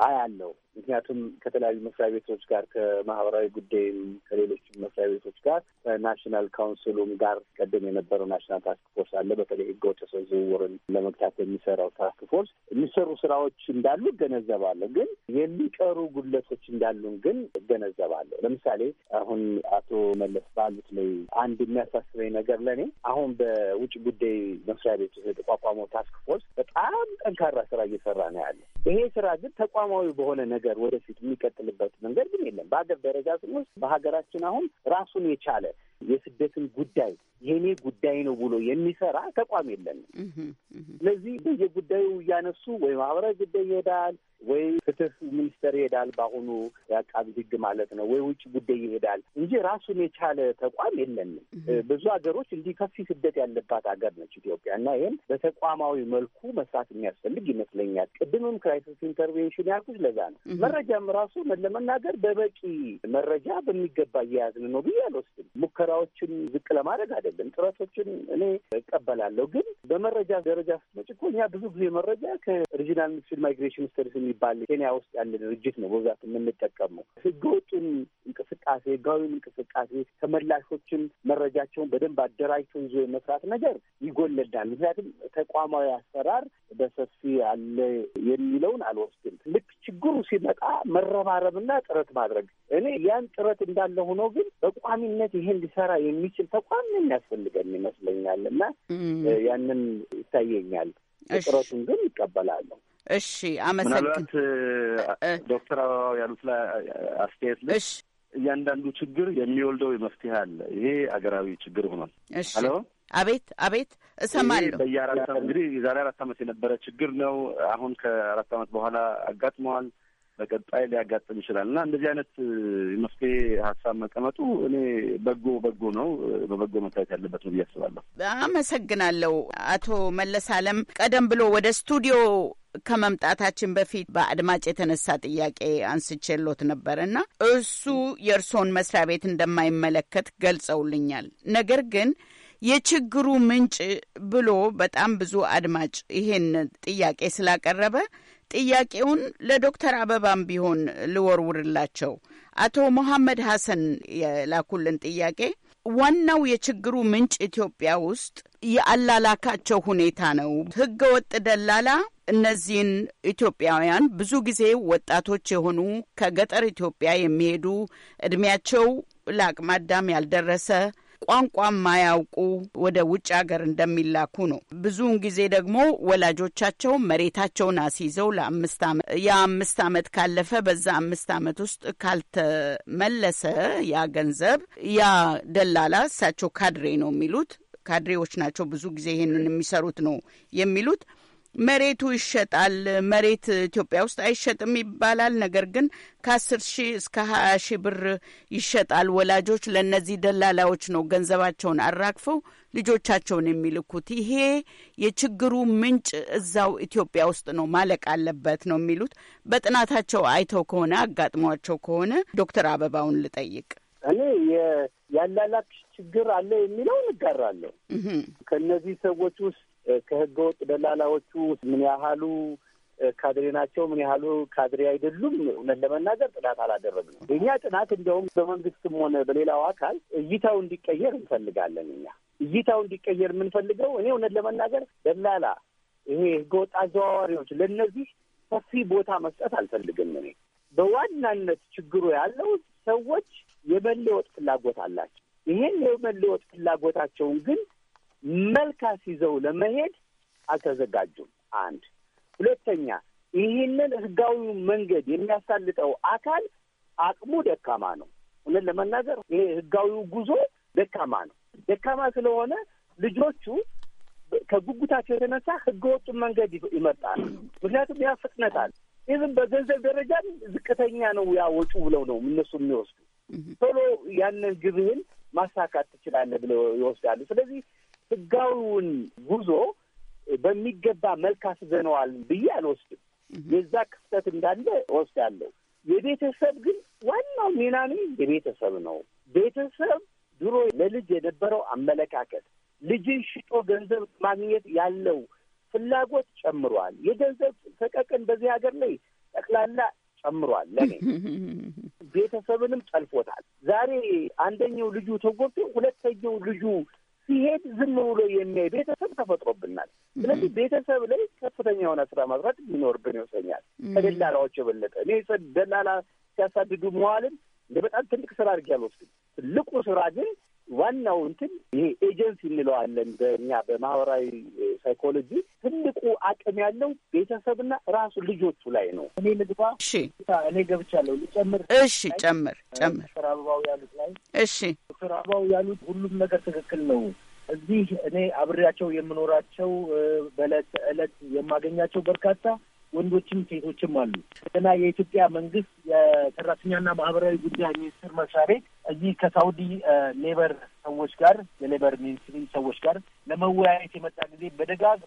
አያለው። ምክንያቱም ከተለያዩ መስሪያ ቤቶች ጋር ከማህበራዊ ጉዳይም ከሌሎች መስሪያ ቤቶች ጋር ከናሽናል ካውንስሉም ጋር ቀደም የነበረው ናሽናል ታስክ ፎርስ አለ። በተለይ ህገወጥ የሰው ዝውውርን ለመግታት የሚሰራው ታስክ ፎርስ የሚሰሩ ስራዎች እንዳሉ እገነዘባለሁ። ግን የሚቀሩ ጉድለቶች እንዳሉን ግን እገነዘባለሁ። ለምሳሌ አሁን አቶ መለስ ባሉት ላይ አንድ የሚያሳስበኝ ነገር ለእኔ አሁን በውጭ ጉዳይ መስሪያ ቤት የተቋቋመው ታስክ ፎርስ በጣም ጠንካራ ስራ እየሰራ ነው ያለ። ይሄ ስራ ግን ተቋማዊ በሆነ ነገር ነገር ወደፊት የሚቀጥልበት መንገድ ግን የለም። በሀገር ደረጃ ስንወስድ በሀገራችን አሁን ራሱን የቻለ የስደትን ጉዳይ የኔ ጉዳይ ነው ብሎ የሚሰራ ተቋም የለንም። ስለዚህ በየጉዳዩ እያነሱ ወይ ማህበራዊ ጉዳይ ይሄዳል፣ ወይ ፍትህ ሚኒስቴር ይሄዳል፣ በአሁኑ የአቃቢ ህግ ማለት ነው፣ ወይ ውጭ ጉዳይ ይሄዳል እንጂ ራሱን የቻለ ተቋም የለንም። ብዙ ሀገሮች እንዲህ ከፊ ስደት ያለባት ሀገር ነች ኢትዮጵያ እና ይህም በተቋማዊ መልኩ መስራት የሚያስፈልግ ይመስለኛል። ቅድምም ክራይሲስ ኢንተርቬንሽን ያልኩት ለዛ ነው። መረጃም ራሱ ለመናገር በበቂ መረጃ በሚገባ እየያዝን ነው ብዬ አልወስድም። ሙከራዎችን ዝቅ ለማድረግ አደ የሚያደርግልን ጥረቶችን እኔ እቀበላለሁ። ግን በመረጃ ደረጃ ስትመጪ እኮ እኛ ብዙ ጊዜ መረጃ ከሪጂናል ሚክስድ ማይግሬሽን ስተዲስ የሚባል ኬንያ ውስጥ ያለ ድርጅት ነው በብዛት የምንጠቀመው። ህገወጡን እንቅስቃሴ፣ ህጋዊን እንቅስቃሴ ተመላሾችን መረጃቸውን በደንብ አደራጅቶ ይዞ የመስራት ነገር ይጎለዳል። ምክንያቱም ተቋማዊ አሰራር በሰፊ አለ የሚለውን አልወስድም። ልክ ችግሩ ሲመጣ መረባረብና ጥረት ማድረግ እኔ ያን ጥረት እንዳለ ሆኖ ግን በቋሚነት ይሄን ሊሰራ የሚችል ተቋም የሚያስፈልገን ይመስለኛል እና ያንን ይታየኛል። ጥረቱን ግን ይቀበላለሁ። እሺ፣ አመሰግን ዶክተር አበባው ያሉት ላይ አስተያየት ልሽ እያንዳንዱ ችግር የሚወልደው መፍትሄ አለ። ይሄ አገራዊ ችግር ሆኗል። አሎ፣ አቤት፣ አቤት፣ እሰማለሁ። በየአራት እንግዲህ የዛሬ አራት ዓመት የነበረ ችግር ነው። አሁን ከአራት ዓመት በኋላ አጋጥመዋል። በቀጣይ ሊያጋጥም ይችላል እና እንደዚህ አይነት መፍትሄ ሀሳብ መቀመጡ እኔ በጎ በጎ ነው፣ በበጎ መታየት ያለበት ነው ብዬ አስባለሁ። አመሰግናለሁ አቶ መለስ አለም። ቀደም ብሎ ወደ ስቱዲዮ ከመምጣታችን በፊት በአድማጭ የተነሳ ጥያቄ አንስቼሎት ነበር እና እሱ የእርስዎን መስሪያ ቤት እንደማይመለከት ገልጸውልኛል። ነገር ግን የችግሩ ምንጭ ብሎ በጣም ብዙ አድማጭ ይሄን ጥያቄ ስላቀረበ ጥያቄውን ለዶክተር አበባም ቢሆን ልወርውርላቸው። አቶ መሐመድ ሀሰን የላኩልን ጥያቄ ዋናው የችግሩ ምንጭ ኢትዮጵያ ውስጥ የአላላካቸው ሁኔታ ነው። ህገ ወጥ ደላላ እነዚህን ኢትዮጵያውያን ብዙ ጊዜ ወጣቶች የሆኑ ከገጠር ኢትዮጵያ የሚሄዱ እድሜያቸው ለአቅመ አዳም ያልደረሰ ቋንቋ ማያውቁ ወደ ውጭ ሀገር እንደሚላኩ ነው። ብዙውን ጊዜ ደግሞ ወላጆቻቸው መሬታቸውን አስይዘው ለአምስት ዓመት ያ አምስት ዓመት ካለፈ በዛ አምስት ዓመት ውስጥ ካልተመለሰ ያ ገንዘብ ያ ደላላ እሳቸው ካድሬ ነው የሚሉት ካድሬዎች ናቸው ብዙ ጊዜ ይህንን የሚሰሩት ነው የሚሉት መሬቱ ይሸጣል። መሬት ኢትዮጵያ ውስጥ አይሸጥም ይባላል። ነገር ግን ከአስር ሺህ እስከ ሀያ ሺህ ብር ይሸጣል። ወላጆች ለእነዚህ ደላላዎች ነው ገንዘባቸውን አራግፈው ልጆቻቸውን የሚልኩት። ይሄ የችግሩ ምንጭ እዛው ኢትዮጵያ ውስጥ ነው፣ ማለቅ አለበት ነው የሚሉት። በጥናታቸው አይተው ከሆነ አጋጥሟቸው ከሆነ ዶክተር አበባውን ልጠይቅ። እኔ ያላላክ ችግር አለ የሚለውን እጋራለሁ። ከእነዚህ ሰዎች ውስጥ ከህገወጥ ደላላዎቹ ምን ያህሉ ካድሬ ናቸው፣ ምን ያህሉ ካድሬ አይደሉም። እውነት ለመናገር ጥናት አላደረግንም። እኛ ጥናት እንዲያውም በመንግስትም ሆነ በሌላው አካል እይታው እንዲቀየር እንፈልጋለን። እኛ እይታው እንዲቀየር የምንፈልገው እኔ እውነት ለመናገር ደላላ፣ ይሄ ህገወጥ አዘዋዋሪዎች ለእነዚህ ሰፊ ቦታ መስጠት አልፈልግም። እኔ በዋናነት ችግሩ ያለው ሰዎች የመለወጥ ፍላጎት አላቸው። ይሄን የመለወጥ ፍላጎታቸውን ግን መልካስ ይዘው ለመሄድ አልተዘጋጁም። አንድ ሁለተኛ፣ ይህንን ህጋዊ መንገድ የሚያሳልጠው አካል አቅሙ ደካማ ነው። እውነት ለመናገር ይሄ ህጋዊው ጉዞ ደካማ ነው። ደካማ ስለሆነ ልጆቹ ከጉጉታቸው የተነሳ ህገወጡ መንገድ ይመርጣል። ምክንያቱም ያ ፍጥነት አለ። ይህም በገንዘብ ደረጃም ዝቅተኛ ነው ያ ብለው ነው እነሱ የሚወስዱ ቶሎ ያንን ግብህን ማሳካት ትችላለህ ብለው ይወስዳሉ። ስለዚህ ህጋዊውን ጉዞ በሚገባ መልክ አስዘነዋል ብዬ አልወስድም። የዛ ክፍተት እንዳለ ወስዳለሁ። የቤተሰብ ግን ዋናው ሚናኔ የቤተሰብ ነው። ቤተሰብ ድሮ ለልጅ የነበረው አመለካከት ልጅን ሽጦ ገንዘብ ማግኘት ያለው ፍላጎት ጨምሯል። የገንዘብ ፈቀቅን በዚህ ሀገር ላይ ጠቅላላ ጨምሯል። ለኔ ቤተሰብንም ጠልፎታል። ዛሬ አንደኛው ልጁ ተጎብቶ ሁለተኛው ልጁ ሲሄድ ዝም ብሎ የሚያይ ቤተሰብ ተፈጥሮብናል። ስለዚህ ቤተሰብ ላይ ከፍተኛ የሆነ ስራ ማስራት ሊኖርብን ይወሰኛል። ከደላላዎች የበለጠ እኔ ደላላ ሲያሳድዱ መዋልን በጣም ትልቅ ስራ አድርጌ አልወስድም። ትልቁ ስራ ግን ዋናው እንትን ይሄ ኤጀንሲ እንለዋለን በእኛ በማህበራዊ ሳይኮሎጂ ትልቁ አቅም ያለው ቤተሰብና ራሱ ልጆቹ ላይ ነው። እኔ ልግባ፣ እሺ፣ እኔ ገብቻለሁ፣ ልጨምር። እሺ፣ ጨምር ጨምር። ዶክተር አበባው ያሉት ላይ እሺ፣ ዶክተር አበባው ያሉት ሁሉም ነገር ትክክል ነው። እዚህ እኔ አብሬያቸው የምኖራቸው በዕለት ዕለት የማገኛቸው በርካታ ወንዶችም ሴቶችም አሉ እንደገና የኢትዮጵያ መንግስት የሰራተኛና ማህበራዊ ጉዳይ ሚኒስቴር መስሪያ ቤት እዚህ ከሳውዲ ሌበር ሰዎች ጋር የሌበር ሚኒስትሪ ሰዎች ጋር ለመወያየት የመጣ ጊዜ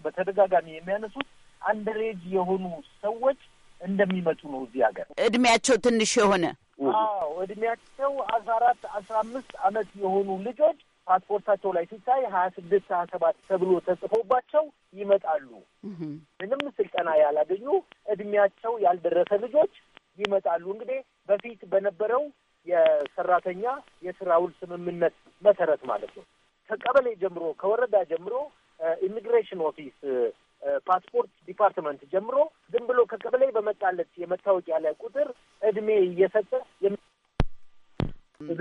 በተደጋጋሚ የሚያነሱት አንደሬጅ የሆኑ ሰዎች እንደሚመጡ ነው። እዚህ ሀገር እድሜያቸው ትንሽ የሆነ አዎ እድሜያቸው አስራ አራት አስራ አምስት አመት የሆኑ ልጆች ፓስፖርታቸው ላይ ሲታይ ሀያ ስድስት ሀያ ሰባት ተብሎ ተጽፎባቸው ይመጣሉ። ምንም ስልጠና ያላገኙ እድሜያቸው ያልደረሰ ልጆች ይመጣሉ። እንግዲህ በፊት በነበረው የሰራተኛ የስራ ውል ስምምነት መሰረት ማለት ነው ከቀበሌ ጀምሮ ከወረዳ ጀምሮ ኢሚግሬሽን ኦፊስ ፓስፖርት ዲፓርትመንት ጀምሮ ዝም ብሎ ከቀበሌ በመጣለት የመታወቂያ ላይ ቁጥር እድሜ እየሰጠ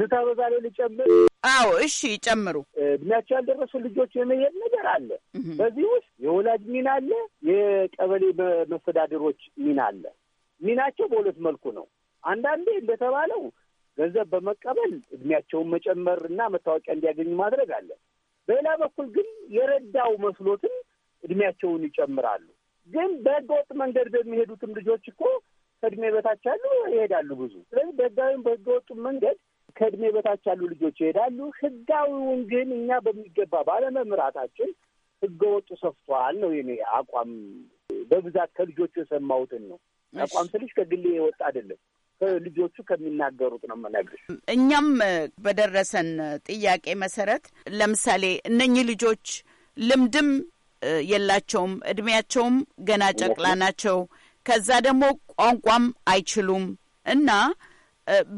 ዝታ በዛ ላይ ልጨምር አዎ፣ እሺ፣ ጨምሩ። እድሜያቸው ያልደረሱ ልጆች የመሄድ ነገር አለ። በዚህ ውስጥ የወላጅ ሚና አለ፣ የቀበሌ መስተዳድሮች ሚና አለ። ሚናቸው በሁለት መልኩ ነው። አንዳንዴ እንደተባለው ገንዘብ በመቀበል እድሜያቸውን መጨመር እና መታወቂያ እንዲያገኙ ማድረግ አለ። በሌላ በኩል ግን የረዳው መስሎትም እድሜያቸውን ይጨምራሉ። ግን በህገወጥ መንገድ በሚሄዱትም ልጆች እኮ ከእድሜ በታች ያሉ ይሄዳሉ ብዙ። ስለዚህ በህጋዊም በህገወጡም መንገድ ከእድሜ በታች ያሉ ልጆች ይሄዳሉ። ህጋዊውን ግን እኛ በሚገባ ባለመምራታችን ህገወጡ ሰፍቷል ነው የኔ አቋም። በብዛት ከልጆቹ የሰማሁትን ነው አቋም ስልሽ ከግሌ የወጣ አይደለም። ልጆቹ ከሚናገሩት ነው የምነግርሽ። እኛም በደረሰን ጥያቄ መሰረት ለምሳሌ እነኚህ ልጆች ልምድም የላቸውም፣ እድሜያቸውም ገና ጨቅላ ናቸው። ከዛ ደግሞ ቋንቋም አይችሉም እና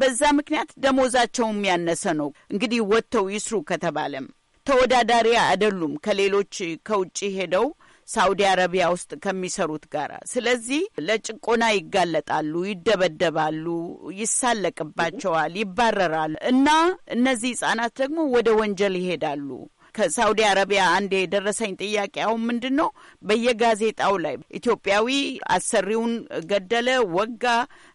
በዛ ምክንያት ደሞዛቸውም ያነሰ ነው። እንግዲህ ወጥተው ይስሩ ከተባለም ተወዳዳሪ አይደሉም ከሌሎች ከውጭ ሄደው ሳውዲ አረቢያ ውስጥ ከሚሰሩት ጋር። ስለዚህ ለጭቆና ይጋለጣሉ፣ ይደበደባሉ፣ ይሳለቅባቸዋል፣ ይባረራሉ እና እነዚህ ህጻናት ደግሞ ወደ ወንጀል ይሄዳሉ። ከሳውዲ አረቢያ አንድ የደረሰኝ ጥያቄ አሁን ምንድን ነው በየጋዜጣው ላይ ኢትዮጵያዊ አሰሪውን ገደለ፣ ወጋ፣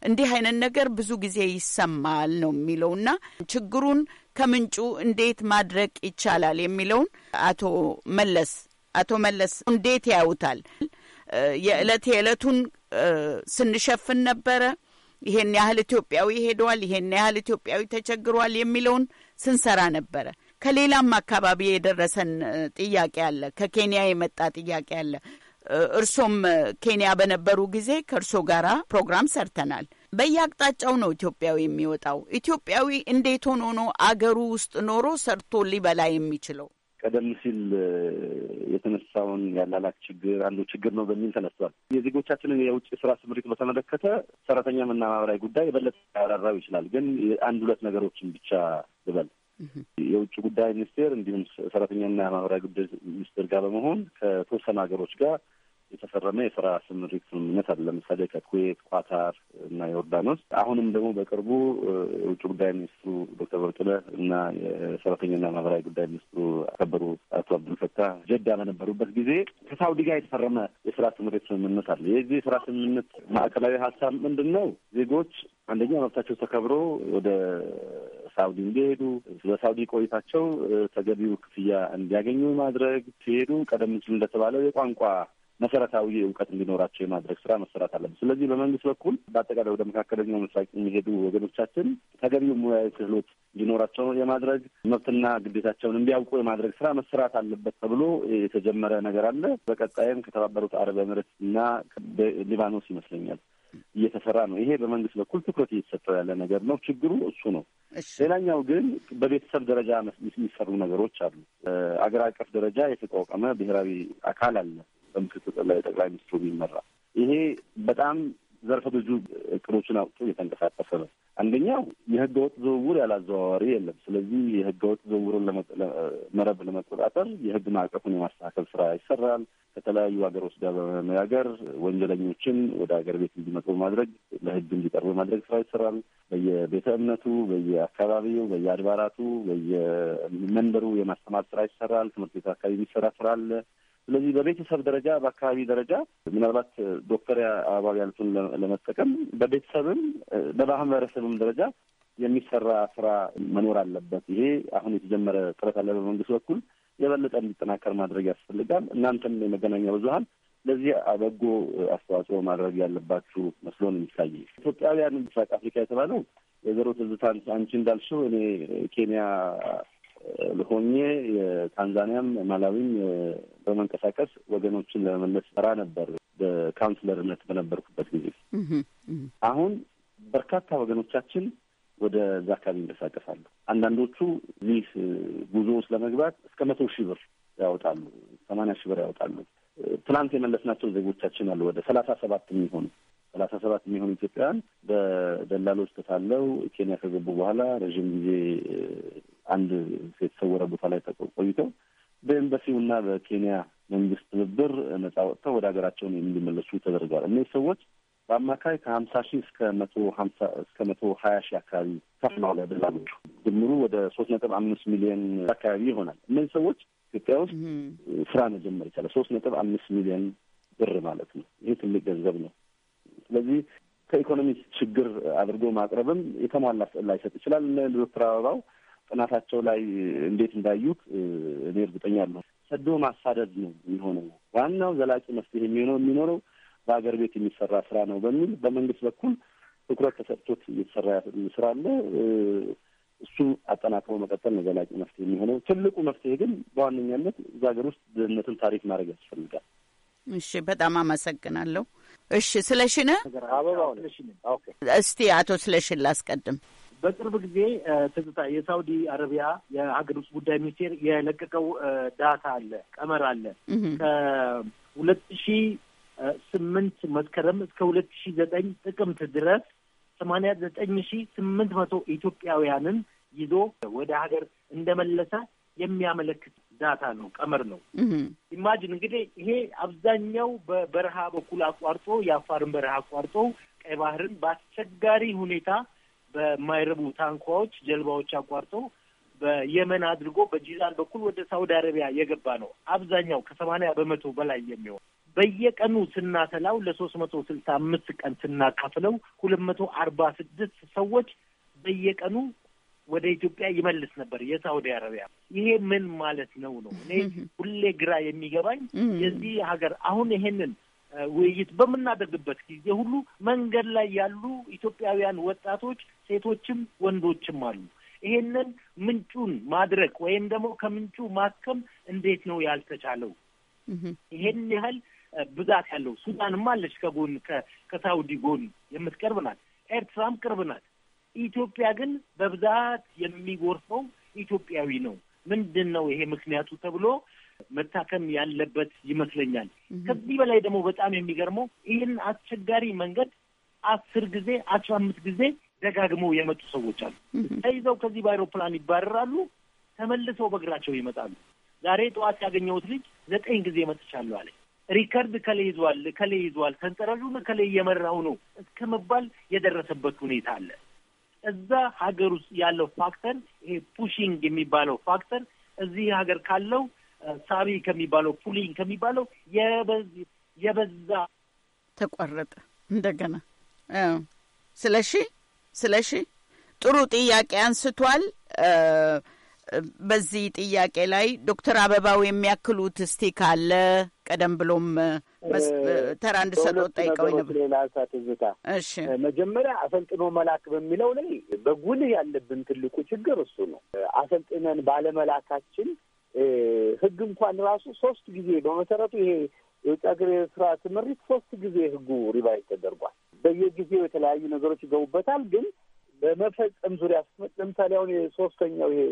እንዲህ አይነት ነገር ብዙ ጊዜ ይሰማል ነው የሚለው እና ችግሩን ከምንጩ እንዴት ማድረቅ ይቻላል የሚለውን አቶ መለስ አቶ መለስ እንዴት ያዩታል? የዕለት የዕለቱን ስንሸፍን ነበረ። ይሄን ያህል ኢትዮጵያዊ ሄደዋል፣ ይሄን ያህል ኢትዮጵያዊ ተቸግሯል የሚለውን ስንሰራ ነበረ። ከሌላም አካባቢ የደረሰን ጥያቄ አለ። ከኬንያ የመጣ ጥያቄ አለ። እርሶም ኬንያ በነበሩ ጊዜ ከእርሶ ጋራ ፕሮግራም ሰርተናል። በየአቅጣጫው ነው ኢትዮጵያዊ የሚወጣው። ኢትዮጵያዊ እንዴት ሆኖ ነው አገሩ ውስጥ ኖሮ ሰርቶ ሊበላ የሚችለው? ቀደም ሲል የተነሳውን ያላላክ ችግር አንዱ ችግር ነው በሚል ተነስቷል። የዜጎቻችንን የውጭ ስራ ስምሪት በተመለከተ ሰራተኛ እና ማህበራዊ ጉዳይ የበለጠ ያራራው ይችላል። ግን አንድ ሁለት ነገሮችን ብቻ ልበል። የውጭ ጉዳይ ሚኒስቴር እንዲሁም ሰራተኛና ማህበራዊ ጉዳይ ሚኒስቴር ጋር በመሆን ከተወሰኑ ሀገሮች ጋር የተፈረመ የስራ ስምሪት ስምምነት አለ። ለምሳሌ ከኩዌት፣ ኳታር እና ዮርዳኖስ። አሁንም ደግሞ በቅርቡ የውጭ ጉዳይ ሚኒስትሩ ዶክተር ወርቅለ እና የሰራተኛና ማህበራዊ ጉዳይ ሚኒስትሩ አከበሩ አቶ አብዱልፈታ ጀዳ በነበሩበት ጊዜ ከሳውዲ ጋር የተፈረመ የስራ ስምሪት ስምምነት አለ። የዚህ የስራ ስምምነት ማዕከላዊ ሀሳብ ምንድን ነው? ዜጎች አንደኛ መብታቸው ተከብሮ ወደ ሳውዲ እንዲሄዱ በሳውዲ ቆይታቸው ተገቢው ክፍያ እንዲያገኙ ማድረግ ሲሄዱ ቀደም ሲል እንደተባለው የቋንቋ መሰረታዊ እውቀት እንዲኖራቸው የማድረግ ስራ መሰራት አለበት። ስለዚህ በመንግስት በኩል በአጠቃላይ ወደ መካከለኛው ምስራቅ የሚሄዱ ወገኖቻችን ተገቢው ሙያዊ ክህሎት እንዲኖራቸው የማድረግ መብትና ግዴታቸውን እንዲያውቁ የማድረግ ስራ መሰራት አለበት ተብሎ የተጀመረ ነገር አለ። በቀጣይም ከተባበሩት አረብ ኤምሬት እና ሊባኖስ ይመስለኛል እየተሰራ ነው። ይሄ በመንግስት በኩል ትኩረት እየተሰጠው ያለ ነገር ነው። ችግሩ እሱ ነው። ሌላኛው ግን በቤተሰብ ደረጃ የሚሰሩ ነገሮች አሉ። አገር አቀፍ ደረጃ የተቋቋመ ብሔራዊ አካል አለ። በምክትል ጠቅላይ ጠቅላይ ሚኒስትሩ የሚመራ ይሄ በጣም ዘርፈ ብዙ እቅዶችን አውጥቶ እየተንቀሳቀሰ ነው። አንደኛው የህገ ወጥ ዝውውር ያላዘዋዋሪ የለም። ስለዚህ የህገ ወጥ ዝውውርን መረብ ለመቆጣጠር የህግ ማዕቀፉን የማስተካከል ስራ ይሰራል። ከተለያዩ ሀገሮች ጋር በመነጋገር ወንጀለኞችን ወደ ሀገር ቤት እንዲመጡ በማድረግ ለህግ እንዲቀርቡ በማድረግ ስራ ይሰራል። በየቤተ እምነቱ፣ በየአካባቢው፣ በየአድባራቱ፣ በየመንበሩ የማስተማር ስራ ይሰራል። ትምህርት ቤት አካባቢ የሚሰራ ስራ አለ። ስለዚህ በቤተሰብ ደረጃ በአካባቢ ደረጃ ምናልባት ዶክተር አበባው ያሉትን ለመጠቀም በቤተሰብም በማህበረሰብም ደረጃ የሚሰራ ስራ መኖር አለበት። ይሄ አሁን የተጀመረ ጥረት አለ በመንግስት በኩል የበለጠ እንዲጠናከር ማድረግ ያስፈልጋል። እናንተም የመገናኛ ብዙሀን ለዚህ በጎ አስተዋጽኦ ማድረግ ያለባችሁ መስሎን የሚታይ ኢትዮጵያውያን ምስራቅ አፍሪካ የተባለው የዘሮ ትዝታ አንቺ እንዳልሽው እኔ ኬንያ ሆኜ የታንዛኒያም ማላዊም በመንቀሳቀስ ወገኖችን ለመመለስ ስራ ነበር በካውንስለርነት በነበርኩበት ጊዜ። አሁን በርካታ ወገኖቻችን ወደዛ አካባቢ ይንቀሳቀሳሉ። አንዳንዶቹ ይህ ጉዞ ውስጥ ለመግባት እስከ መቶ ሺህ ብር ያወጣሉ፣ ሰማንያ ሺህ ብር ያወጣሉ። ትናንት የመለስናቸው ዜጎቻችን አሉ ወደ ሰላሳ ሰባት የሚሆኑ ሰላሳ ሰባት የሚሆኑ ኢትዮጵያውያን በደላሎች ተታለው ኬንያ ከገቡ በኋላ ረዥም ጊዜ አንድ የተሰወረ ቦታ ላይ ቆይተው በኤምባሲውና በኬንያ መንግስት ትብብር ነጻ ወጥተው ወደ ሀገራቸውን እንዲመለሱ ተደርገዋል። እነዚህ ሰዎች በአማካይ ከሀምሳ ሺህ እስከ መቶ ሀምሳ እስከ መቶ ሀያ ሺህ አካባቢ ከፍ ማለ ደላሎቹ ድምሩ ወደ ሶስት ነጥብ አምስት ሚሊዮን አካባቢ ይሆናል። እነዚህ ሰዎች ኢትዮጵያ ውስጥ ስራ መጀመር ይቻላል። ሶስት ነጥብ አምስት ሚሊዮን ብር ማለት ነው። ይህ ትልቅ ገንዘብ ነው። ስለዚህ ከኢኮኖሚ ችግር አድርጎ ማቅረብም የተሟላ ስዕል ላይሰጥ ይችላል። ዶክተር አበባው ጥናታቸው ላይ እንዴት እንዳዩት እኔ እርግጠኛ አለሁ። ሰዶ ማሳደድ ነው የሚሆነው። ዋናው ዘላቂ መፍትሄ የሚሆነው የሚኖረው በሀገር ቤት የሚሰራ ስራ ነው በሚል በመንግስት በኩል ትኩረት ተሰጥቶት እየተሰራ ስራ አለ። እሱ አጠናክሮ መቀጠል ነው ዘላቂ መፍትሄ የሚሆነው። ትልቁ መፍትሄ ግን በዋነኛነት እዛ ሀገር ውስጥ ድህነትን ታሪክ ማድረግ ያስፈልጋል። እሺ፣ በጣም አመሰግናለሁ። እሺ፣ ስለሽነ እስቲ አቶ ስለሽን ላስቀድም። በቅርብ ጊዜ ትዝታ የሳውዲ አረቢያ የሀገር ውስጥ ጉዳይ ሚኒስቴር የለቀቀው ዳታ አለ፣ ቀመር አለ ከሁለት ሺ ስምንት መስከረም እስከ ሁለት ሺ ዘጠኝ ጥቅምት ድረስ ሰማንያ ዘጠኝ ሺ ስምንት መቶ ኢትዮጵያውያንን ይዞ ወደ ሀገር እንደመለሰ የሚያመለክት ዳታ ነው፣ ቀመር ነው። ኢማጅን እንግዲህ ይሄ አብዛኛው በበረሃ በኩል አቋርጦ የአፋርን በረሃ አቋርጦ ቀይ ባህርን በአስቸጋሪ ሁኔታ በማይረቡ ታንኳዎች ጀልባዎች አቋርጦ በየመን አድርጎ በጂዛን በኩል ወደ ሳውዲ አረቢያ የገባ ነው። አብዛኛው ከሰማንያ በመቶ በላይ የሚሆን በየቀኑ ስናሰላው ለሶስት መቶ ስልሳ አምስት ቀን ስናካፍለው ሁለት መቶ አርባ ስድስት ሰዎች በየቀኑ ወደ ኢትዮጵያ ይመልስ ነበር የሳውዲ አረቢያ። ይሄ ምን ማለት ነው ነው እኔ ሁሌ ግራ የሚገባኝ የዚህ ሀገር አሁን ይሄንን ውይይት በምናደርግበት ጊዜ ሁሉ መንገድ ላይ ያሉ ኢትዮጵያውያን ወጣቶች ሴቶችም ወንዶችም አሉ። ይሄንን ምንጩን ማድረግ ወይም ደግሞ ከምንጩ ማከም እንዴት ነው ያልተቻለው? ይሄን ያህል ብዛት ያለው ሱዳንም አለች ከጎን ከሳውዲ ጎን የምትቀርብ ናት። ኤርትራም ቅርብ ናት። ኢትዮጵያ ግን በብዛት የሚጎርፈው ኢትዮጵያዊ ነው። ምንድን ነው ይሄ ምክንያቱ ተብሎ መታከም ያለበት ይመስለኛል። ከዚህ በላይ ደግሞ በጣም የሚገርመው ይህን አስቸጋሪ መንገድ አስር ጊዜ አስራ አምስት ጊዜ ደጋግሞ የመጡ ሰዎች አሉ። ተይዘው ከዚህ በአይሮፕላን ይባረራሉ፣ ተመልሰው በእግራቸው ይመጣሉ። ዛሬ ጠዋት ያገኘሁት ልጅ ዘጠኝ ጊዜ መጥቻለሁ አለ። ሪከርድ ከላይ ይዟል፣ ከላይ ይዟል፣ ሰንጠረዡን ከላይ እየመራው ነው እስከ መባል የደረሰበት ሁኔታ አለ። እዛ ሀገር ውስጥ ያለው ፋክተር ይሄ ፑሽንግ የሚባለው ፋክተር እዚህ ሀገር ካለው ሳቢ ከሚባለው ፑሊን ከሚባለው የበዛ ተቋረጠ። እንደገና ስለሺ ስለሺ ጥሩ ጥያቄ አንስቷል። በዚህ ጥያቄ ላይ ዶክተር አበባው የሚያክሉት እስቲ ካለ ቀደም ብሎም ተራ እንድሰጠው ጠይቀው ነበር። ሌላ ትዝታ። እሺ መጀመሪያ አሰልጥኖ መላክ በሚለው ላይ በጉልህ ያለብን ትልቁ ችግር እሱ ነው። አሰልጥነን ባለመላካችን ህግ እንኳን ራሱ ሶስት ጊዜ በመሰረቱ ይሄ የውጭ ሀገር የስራ ስምሪት ሶስት ጊዜ ህጉ ሪቫይዝ ተደርጓል። በየጊዜው የተለያዩ ነገሮች ይገቡበታል። ግን በመፈጸም ዙሪያ ስትመጥ ለምሳሌ አሁን የሶስተኛው ይሄ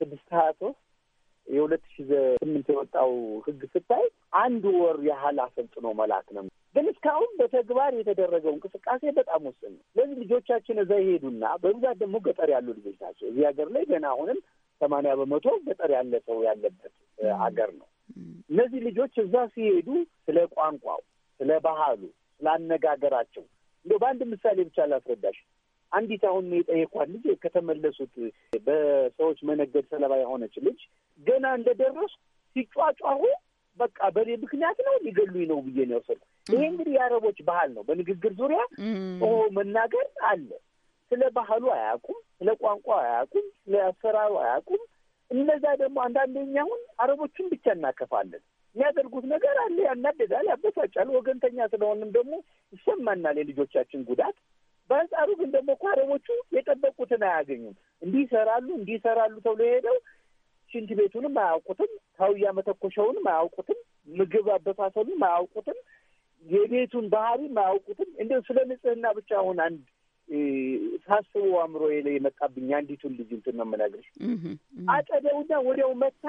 ስድስት ሀያ ሶስት የሁለት ሺ ስምንት የወጣው ህግ ስታይ አንድ ወር ያህል አሰልጥኖ መላክ ነው። ግን እስካሁን በተግባር የተደረገው እንቅስቃሴ በጣም ውስን ነው። ስለዚህ ልጆቻችን እዛ ይሄዱና በብዛት ደግሞ ገጠር ያሉ ልጆች ናቸው። እዚህ ሀገር ላይ ገና አሁንም ሰማንያ በመቶ ገጠር ያለ ሰው ያለበት ሀገር ነው። እነዚህ ልጆች እዛ ሲሄዱ ስለ ቋንቋው፣ ስለ ባህሉ፣ ስለ አነጋገራቸው እንደ በአንድ ምሳሌ ብቻ ላስረዳሽ። አንዲት አሁን የጠየኳት ልጅ ከተመለሱት በሰዎች መነገድ ሰለባ የሆነች ልጅ ገና እንደደረሱ ሲጫጫሁ በቃ በኔ ምክንያት ነው ሊገሉኝ ነው ብዬ ነው የወሰድኩት። ይሄ እንግዲህ የአረቦች ባህል ነው። በንግግር ዙሪያ መናገር አለ ስለ ባህሉ አያውቁም፣ ስለ ቋንቋ አያውቁም፣ ስለ አሰራሩ አያውቁም። እነዛ ደግሞ አንዳንዴ አረቦቹን አሁን አረቦችን ብቻ እናከፋለን። የሚያደርጉት ነገር አለ፣ ያናደዳል፣ ያበሳጫል። ወገንተኛ ስለሆንም ደግሞ ይሰማናል የልጆቻችን ጉዳት። በአንጻሩ ግን ደግሞ እኮ አረቦቹ የጠበቁትን አያገኙም። እንዲህ ይሰራሉ እንዲህ ይሰራሉ ተብሎ ሄደው ሽንት ቤቱንም አያውቁትም፣ ታውያ መተኮሻውንም አያውቁትም፣ ምግብ አበሳሰሉንም አያውቁትም፣ የቤቱን ባህሪም አያውቁትም። እንዲሁ ስለ ንጽህና ብቻ አሁን አንድ ሳስቡ አእምሮ ላይ የመጣብኝ አንዲቱን ልጅ እንትን ነው የምነግርሽ። አጸደውና ወዲያው መታ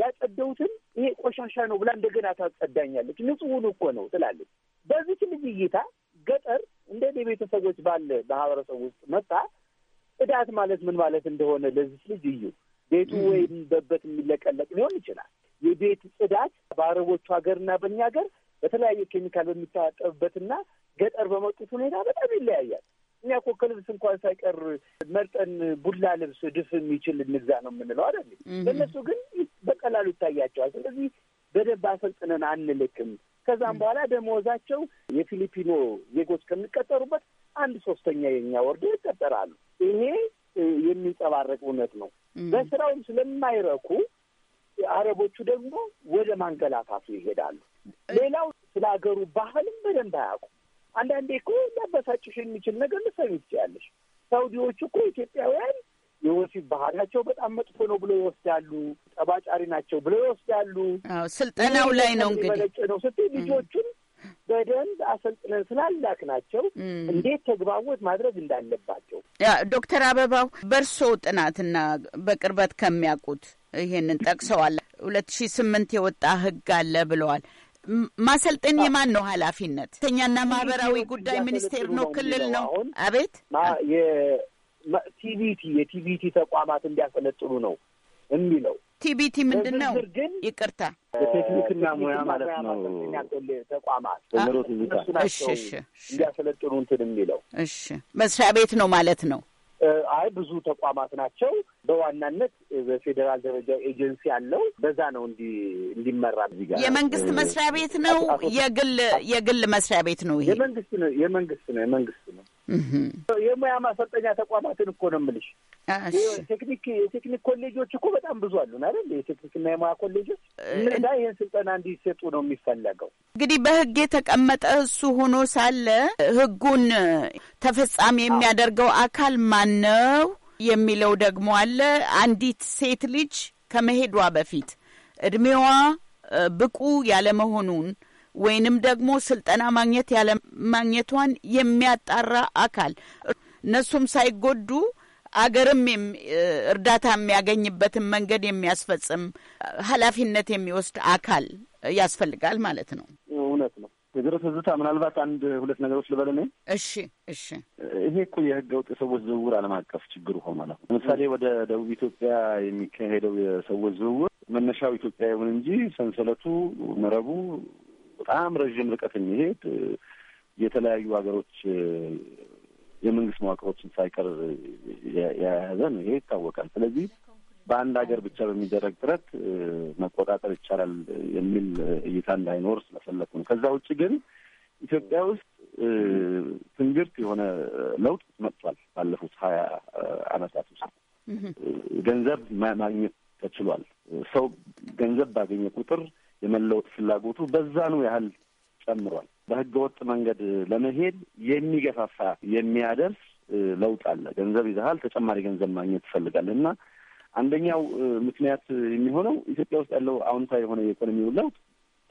ያጸደውትን ይሄ ቆሻሻ ነው ብላ እንደገና ታጸዳኛለች። ንጹሑን እኮ ነው ትላለች። በዚች ልጅ እይታ ገጠር እንደ ቤተሰቦች ባለ ማህበረሰብ ውስጥ መጣ ጽዳት ማለት ምን ማለት እንደሆነ ለዚች ልጅ እዩ። ቤቱ ወይም በበት የሚለቀለቅ ሊሆን ይችላል። የቤት ጽዳት በአረቦቹ ሀገርና በእኛ ሀገር በተለያየ ኬሚካል በሚታጠብበትና ገጠር በመጡት ሁኔታ በጣም ይለያያል። እኛ እኮ ከልብስ እንኳን ሳይቀር መርጠን ቡላ ልብስ ድፍ የሚችል እንግዛ ነው የምንለው አይደል? ለእነሱ ግን በቀላሉ ይታያቸዋል። ስለዚህ በደንብ አሰልጥነን አንልክም። ከዛም በኋላ ደመወዛቸው የፊሊፒኖ ዜጎች ከሚቀጠሩበት አንድ ሶስተኛ የኛ ወርዶ ይቀጠራሉ። ይሄ የሚንጸባረቅ እውነት ነው። በስራውም ስለማይረኩ አረቦቹ ደግሞ ወደ ማንገላታቱ ይሄዳሉ። ሌላው ስለ ሀገሩ ባህልም በደንብ አያውቁም። አንዳንዴ እኮ ሊያበሳጭሽ የሚችል ነገር ልትሰሚ ትችያለሽ። ሳውዲዎቹ እኮ ኢትዮጵያውያን የወሲብ ባህሪያቸው በጣም መጥፎ ነው ብሎ ይወስዳሉ። ጠባጫሪ ናቸው ብሎ ይወስዳሉ። ስልጠናው ላይ ነው እንግዲህ ነው ስትይ ልጆቹን በደንብ አሰልጥነን ስላላክ ናቸው እንዴት ተግባቦት ማድረግ እንዳለባቸው። ዶክተር አበባው በእርሶ ጥናትና በቅርበት ከሚያውቁት ይህንን ጠቅሰዋል። ሁለት ሺ ስምንት የወጣ ህግ አለ ብለዋል። ማሰልጠን የማን ነው ኃላፊነት? ተኛና ማህበራዊ ጉዳይ ሚኒስቴር ነው? ክልል ነው? አቤት ቲቪቲ የቲቪቲ ተቋማት እንዲያሰለጥኑ ነው የሚለው። ቲቪቲ ምንድን ነው? ይቅርታ ቴክኒክና ሙያ ማለት ነው። ተቋማት እነሱ ናቸው እንዲያሰለጥኑ እንትን የሚለው እሺ፣ መስሪያ ቤት ነው ማለት ነው። አይ ብዙ ተቋማት ናቸው። በዋናነት በፌዴራል ደረጃ ኤጀንሲ አለው። በዛ ነው እንዲ እንዲመራ እዚህ ጋር የመንግስት መስሪያ ቤት ነው የግል የግል መስሪያ ቤት ነው ይሄ የመንግስት ነው የመንግስት ነው የመንግስት ነው የሙያ ማሰልጠኛ ተቋማትን እኮ ነው የምልሽ። ቴክኒክ የቴክኒክ ኮሌጆች እኮ በጣም ብዙ አሉን አይደል? የቴክኒክና የሙያ ኮሌጆች እና ይህን ስልጠና እንዲሰጡ ነው የሚፈለገው። እንግዲህ በህግ የተቀመጠ እሱ ሆኖ ሳለ ህጉን ተፈጻሚ የሚያደርገው አካል ማን ነው የሚለው ደግሞ አለ። አንዲት ሴት ልጅ ከመሄዷ በፊት እድሜዋ ብቁ ያለመሆኑን ወይንም ደግሞ ስልጠና ማግኘት ያለ ማግኘቷን የሚያጣራ አካል እነሱም ሳይጎዱ አገርም እርዳታ የሚያገኝበትን መንገድ የሚያስፈጽም ኃላፊነት የሚወስድ አካል ያስፈልጋል ማለት ነው። እውነት ነው። ወይዘሮ ትዝታ ምናልባት አንድ ሁለት ነገሮች ልበል እኔ። እሺ፣ እሺ። ይሄ እኮ የህገ ወጥ የሰዎች ዝውውር ዓለም አቀፍ ሆኖ ነው። ለምሳሌ ወደ ደቡብ ኢትዮጵያ የሚካሄደው የሰዎች ዝውውር መነሻው ኢትዮጵያ ይሁን እንጂ ሰንሰለቱ መረቡ በጣም ረዥም ርቀት የሚሄድ የተለያዩ ሀገሮች የመንግስት መዋቅሮችን ሳይቀር የያዘ ነው። ይሄ ይታወቃል። ስለዚህ በአንድ ሀገር ብቻ በሚደረግ ጥረት መቆጣጠር ይቻላል የሚል እይታ እንዳይኖር ስለፈለኩ ነው። ከዛ ውጭ ግን ኢትዮጵያ ውስጥ ትንግርት የሆነ ለውጥ መጥቷል። ባለፉት ሀያ አመታት ውስጥ ገንዘብ ማግኘት ተችሏል። ሰው ገንዘብ ባገኘ ቁጥር የመለወጥ ፍላጎቱ በዛኑ ያህል ጨምሯል። በህገወጥ መንገድ ለመሄድ የሚገፋፋ የሚያደርስ ለውጥ አለ። ገንዘብ ይዘሃል፣ ተጨማሪ ገንዘብ ማግኘት ትፈልጋለህ እና አንደኛው ምክንያት የሚሆነው ኢትዮጵያ ውስጥ ያለው አዎንታ የሆነ የኢኮኖሚው ለውጥ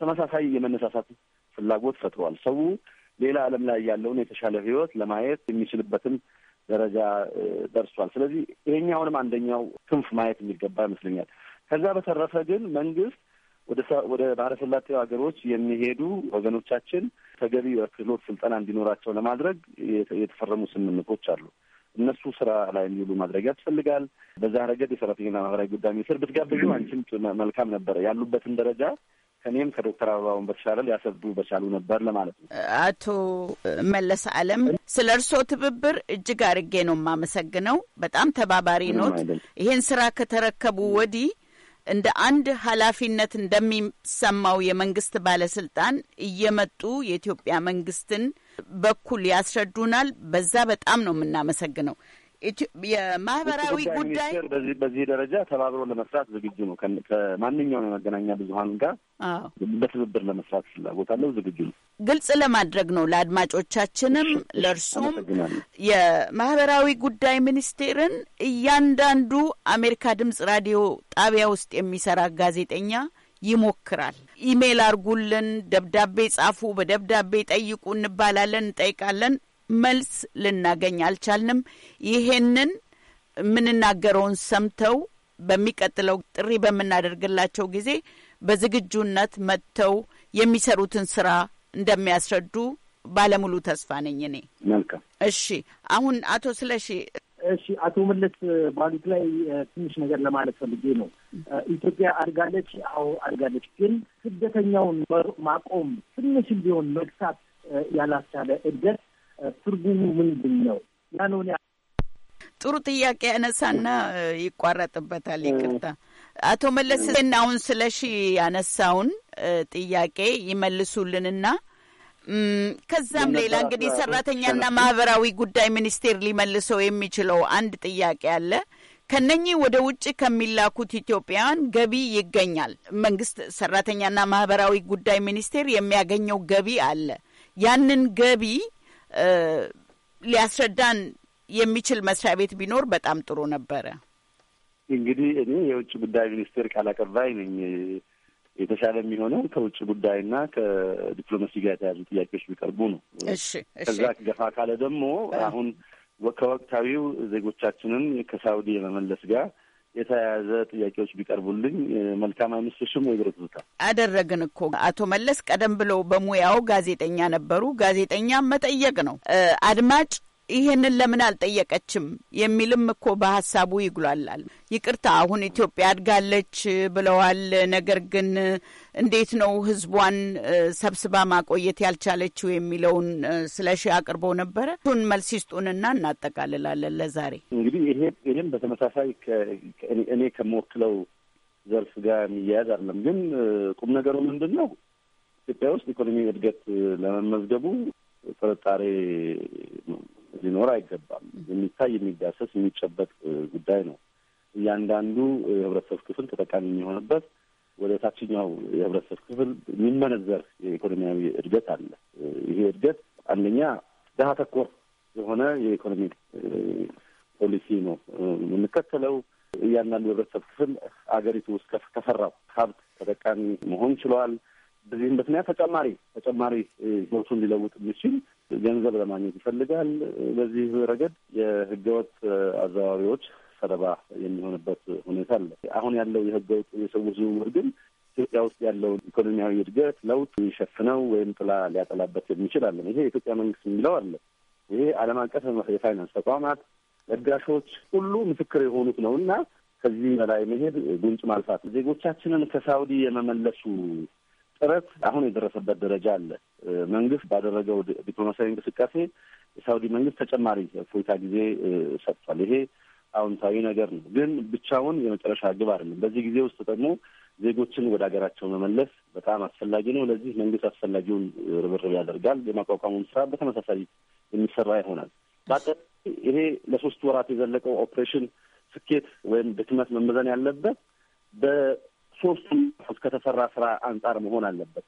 ተመሳሳይ የመነሳሳት ፍላጎት ፈጥሯል። ሰው ሌላ ዓለም ላይ ያለውን የተሻለ ህይወት ለማየት የሚችልበትም ደረጃ ደርሷል። ስለዚህ ይሄኛውንም አንደኛው ክንፍ ማየት የሚገባ ይመስለኛል። ከዛ በተረፈ ግን መንግስት ወደ ባለሰላጤው ሀገሮች የሚሄዱ ወገኖቻችን ተገቢ ክህሎት ስልጠና እንዲኖራቸው ለማድረግ የተፈረሙ ስምምነቶች አሉ። እነሱ ስራ ላይ የሚውሉ ማድረግ ያስፈልጋል። በዛ ረገድ የሰራተኛና ማህበራዊ ጉዳይ ሚኒስትር ብትጋብዙ አንቺም መልካም ነበረ። ያሉበትን ደረጃ ከኔም ከዶክተር አበባውን በተሻለ ሊያስረዱ በቻሉ ነበር ለማለት ነው። አቶ መለስ አለም ስለ እርስዎ ትብብር እጅግ አርጌ ነው የማመሰግነው። በጣም ተባባሪ ኖት። ይሄን ስራ ከተረከቡ ወዲህ እንደ አንድ ኃላፊነት እንደሚሰማው የመንግስት ባለስልጣን እየመጡ የኢትዮጵያ መንግስትን በኩል ያስረዱናል። በዛ በጣም ነው የምናመሰግነው። የማህበራዊ ጉዳይ በዚህ በዚህ ደረጃ ተባብሮ ለመስራት ዝግጁ ነው። ከማንኛውም የመገናኛ ብዙኃን ጋር በትብብር ለመስራት ፍላጎት አለው፣ ዝግጁ ነው። ግልጽ ለማድረግ ነው ለአድማጮቻችንም ለእርሱም። የማህበራዊ ጉዳይ ሚኒስቴርን እያንዳንዱ አሜሪካ ድምጽ ራዲዮ ጣቢያ ውስጥ የሚሰራ ጋዜጠኛ ይሞክራል። ኢሜይል አርጉልን፣ ደብዳቤ ጻፉ፣ በደብዳቤ ጠይቁ እንባላለን፣ እንጠይቃለን። መልስ ልናገኝ አልቻልንም። ይሄንን የምንናገረውን ሰምተው በሚቀጥለው ጥሪ በምናደርግላቸው ጊዜ በዝግጁነት መጥተው የሚሰሩትን ስራ እንደሚያስረዱ ባለሙሉ ተስፋ ነኝ እኔ። መልካም እሺ። አሁን አቶ ስለሺ እሺ አቶ መለስ ባሉት ላይ ትንሽ ነገር ለማለት ፈልጌ ነው። ኢትዮጵያ አድጋለች። አዎ አድጋለች፣ ግን ስደተኛውን ማቆም ትንሽ ቢሆን መግሳት ያላስቻለ እድገት ትርጉሙ ምንድን ነው? ያን ጥሩ ጥያቄ ያነሳና ይቋረጥበታል። ይቅርታ አቶ መለስ አሁን ስለ ሺ ያነሳውን ጥያቄ ይመልሱልንና ከዛም ሌላ እንግዲህ ሰራተኛና ማህበራዊ ጉዳይ ሚኒስቴር ሊመልሰው የሚችለው አንድ ጥያቄ አለ። ከነኚህ ወደ ውጭ ከሚላኩት ኢትዮጵያውያን ገቢ ይገኛል። መንግስት ሰራተኛና ማህበራዊ ጉዳይ ሚኒስቴር የሚያገኘው ገቢ አለ። ያንን ገቢ ሊያስረዳን የሚችል መስሪያ ቤት ቢኖር በጣም ጥሩ ነበረ። እንግዲህ እኔ የውጭ ጉዳይ ሚኒስቴር ቃል አቀባይ ነኝ። የተሻለ የሚሆነው ከውጭ ጉዳይና ከዲፕሎማሲ ጋር የተያዙ ጥያቄዎች ቢቀርቡ ነው። ከዛ ገፋ ካለ ደግሞ አሁን ከወቅታዊው ዜጎቻችንን ከሳውዲ የመመለስ ጋር የተያያዘ ጥያቄዎች ቢቀርቡልኝ መልካም አይመስልሽም ወይ? ብርቱታ አደረግን እኮ አቶ መለስ ቀደም ብለው በሙያው ጋዜጠኛ ነበሩ። ጋዜጠኛ መጠየቅ ነው። አድማጭ ይሄንን ለምን አልጠየቀችም የሚልም እኮ በሀሳቡ ይጉላላል። ይቅርታ አሁን ኢትዮጵያ አድጋለች ብለዋል። ነገር ግን እንዴት ነው ህዝቧን ሰብስባ ማቆየት ያልቻለችው የሚለውን ስለ ሺ አቅርቦ ነበረ። እሱን መልስ ይስጡንና እናጠቃልላለን ለዛሬ። እንግዲህ ይሄ ይህም በተመሳሳይ እኔ ከምወክለው ዘርፍ ጋር የሚያያዝ አይደለም። ግን ቁም ነገሩ ምንድን ነው? ኢትዮጵያ ውስጥ ኢኮኖሚ እድገት ለመመዝገቡ ጥርጣሬ ሊኖር አይገባም። የሚታይ የሚዳሰስ የሚጨበጥ ጉዳይ ነው። እያንዳንዱ የህብረተሰብ ክፍል ተጠቃሚ የሚሆንበት ወደ ታችኛው የህብረተሰብ ክፍል የሚመነዘር የኢኮኖሚያዊ እድገት አለ። ይሄ እድገት አንደኛ ድሀ ተኮር የሆነ የኢኮኖሚ ፖሊሲ ነው የምንከተለው። እያንዳንዱ የህብረተሰብ ክፍል አገሪቱ ውስጥ ከሰራው ሀብት ተጠቃሚ መሆን ችሏል። በዚህም ምክንያት ተጨማሪ ተጨማሪ ህይወቱን ሊለውጥ የሚችል ገንዘብ ለማግኘት ይፈልጋል። በዚህ ረገድ የህገወጥ አዘዋዋሪዎች ሰለባ የሚሆንበት ሁኔታ አለ። አሁን ያለው የህገወጥ የሰዎች ዝውውር ግን ኢትዮጵያ ውስጥ ያለውን ኢኮኖሚያዊ እድገት ለውጥ ሊሸፍነው ወይም ጥላ ሊያጠላበት የሚችል አለ። ይሄ የኢትዮጵያ መንግስት የሚለው አለ። ይሄ ዓለም አቀፍ የፋይናንስ ተቋማት፣ ለጋሾች ሁሉ ምስክር የሆኑት ነው እና ከዚህ በላይ መሄድ ጉንጭ ማልፋት ዜጎቻችንን ከሳውዲ የመመለሱ ጥረት አሁን የደረሰበት ደረጃ አለ። መንግስት ባደረገው ዲፕሎማሲያዊ እንቅስቃሴ የሳውዲ መንግስት ተጨማሪ ፎይታ ጊዜ ሰጥቷል። ይሄ አዎንታዊ ነገር ነው፣ ግን ብቻውን የመጨረሻ ግብ አይደለም። በዚህ ጊዜ ውስጥ ደግሞ ዜጎችን ወደ ሀገራቸው መመለስ በጣም አስፈላጊ ነው። ለዚህ መንግስት አስፈላጊውን ርብርብ ያደርጋል። የማቋቋሙን ስራ በተመሳሳይ የሚሰራ ይሆናል። በአጠቃላይ ይሄ ለሶስት ወራት የዘለቀው ኦፕሬሽን ስኬት ወይም ድክመት መመዘን ያለበት ሶስቱም ከተሰራ ስራ አንጻር መሆን አለበት።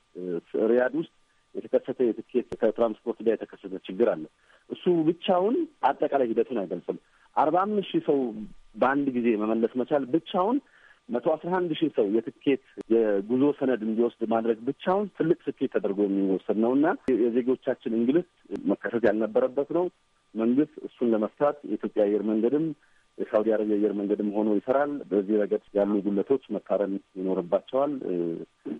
ሪያድ ውስጥ የተከሰተ የትኬት ከትራንስፖርት ጋር የተከሰተ ችግር አለ። እሱ ብቻውን አጠቃላይ ሂደቱን አይገልጽም። አርባ አምስት ሺህ ሰው በአንድ ጊዜ መመለስ መቻል ብቻውን መቶ አስራ አንድ ሺህ ሰው የትኬት የጉዞ ሰነድ እንዲወስድ ማድረግ ብቻውን ትልቅ ስኬት ተደርጎ የሚወሰድ ነው እና የዜጎቻችን እንግልት መከሰት ያልነበረበት ነው። መንግስት እሱን ለመፍታት የኢትዮጵያ አየር መንገድም የሳውዲ አረቢያ አየር መንገድም ሆኖ ይሰራል። በዚህ ረገድ ያሉ ጉለቶች መታረም ይኖርባቸዋል።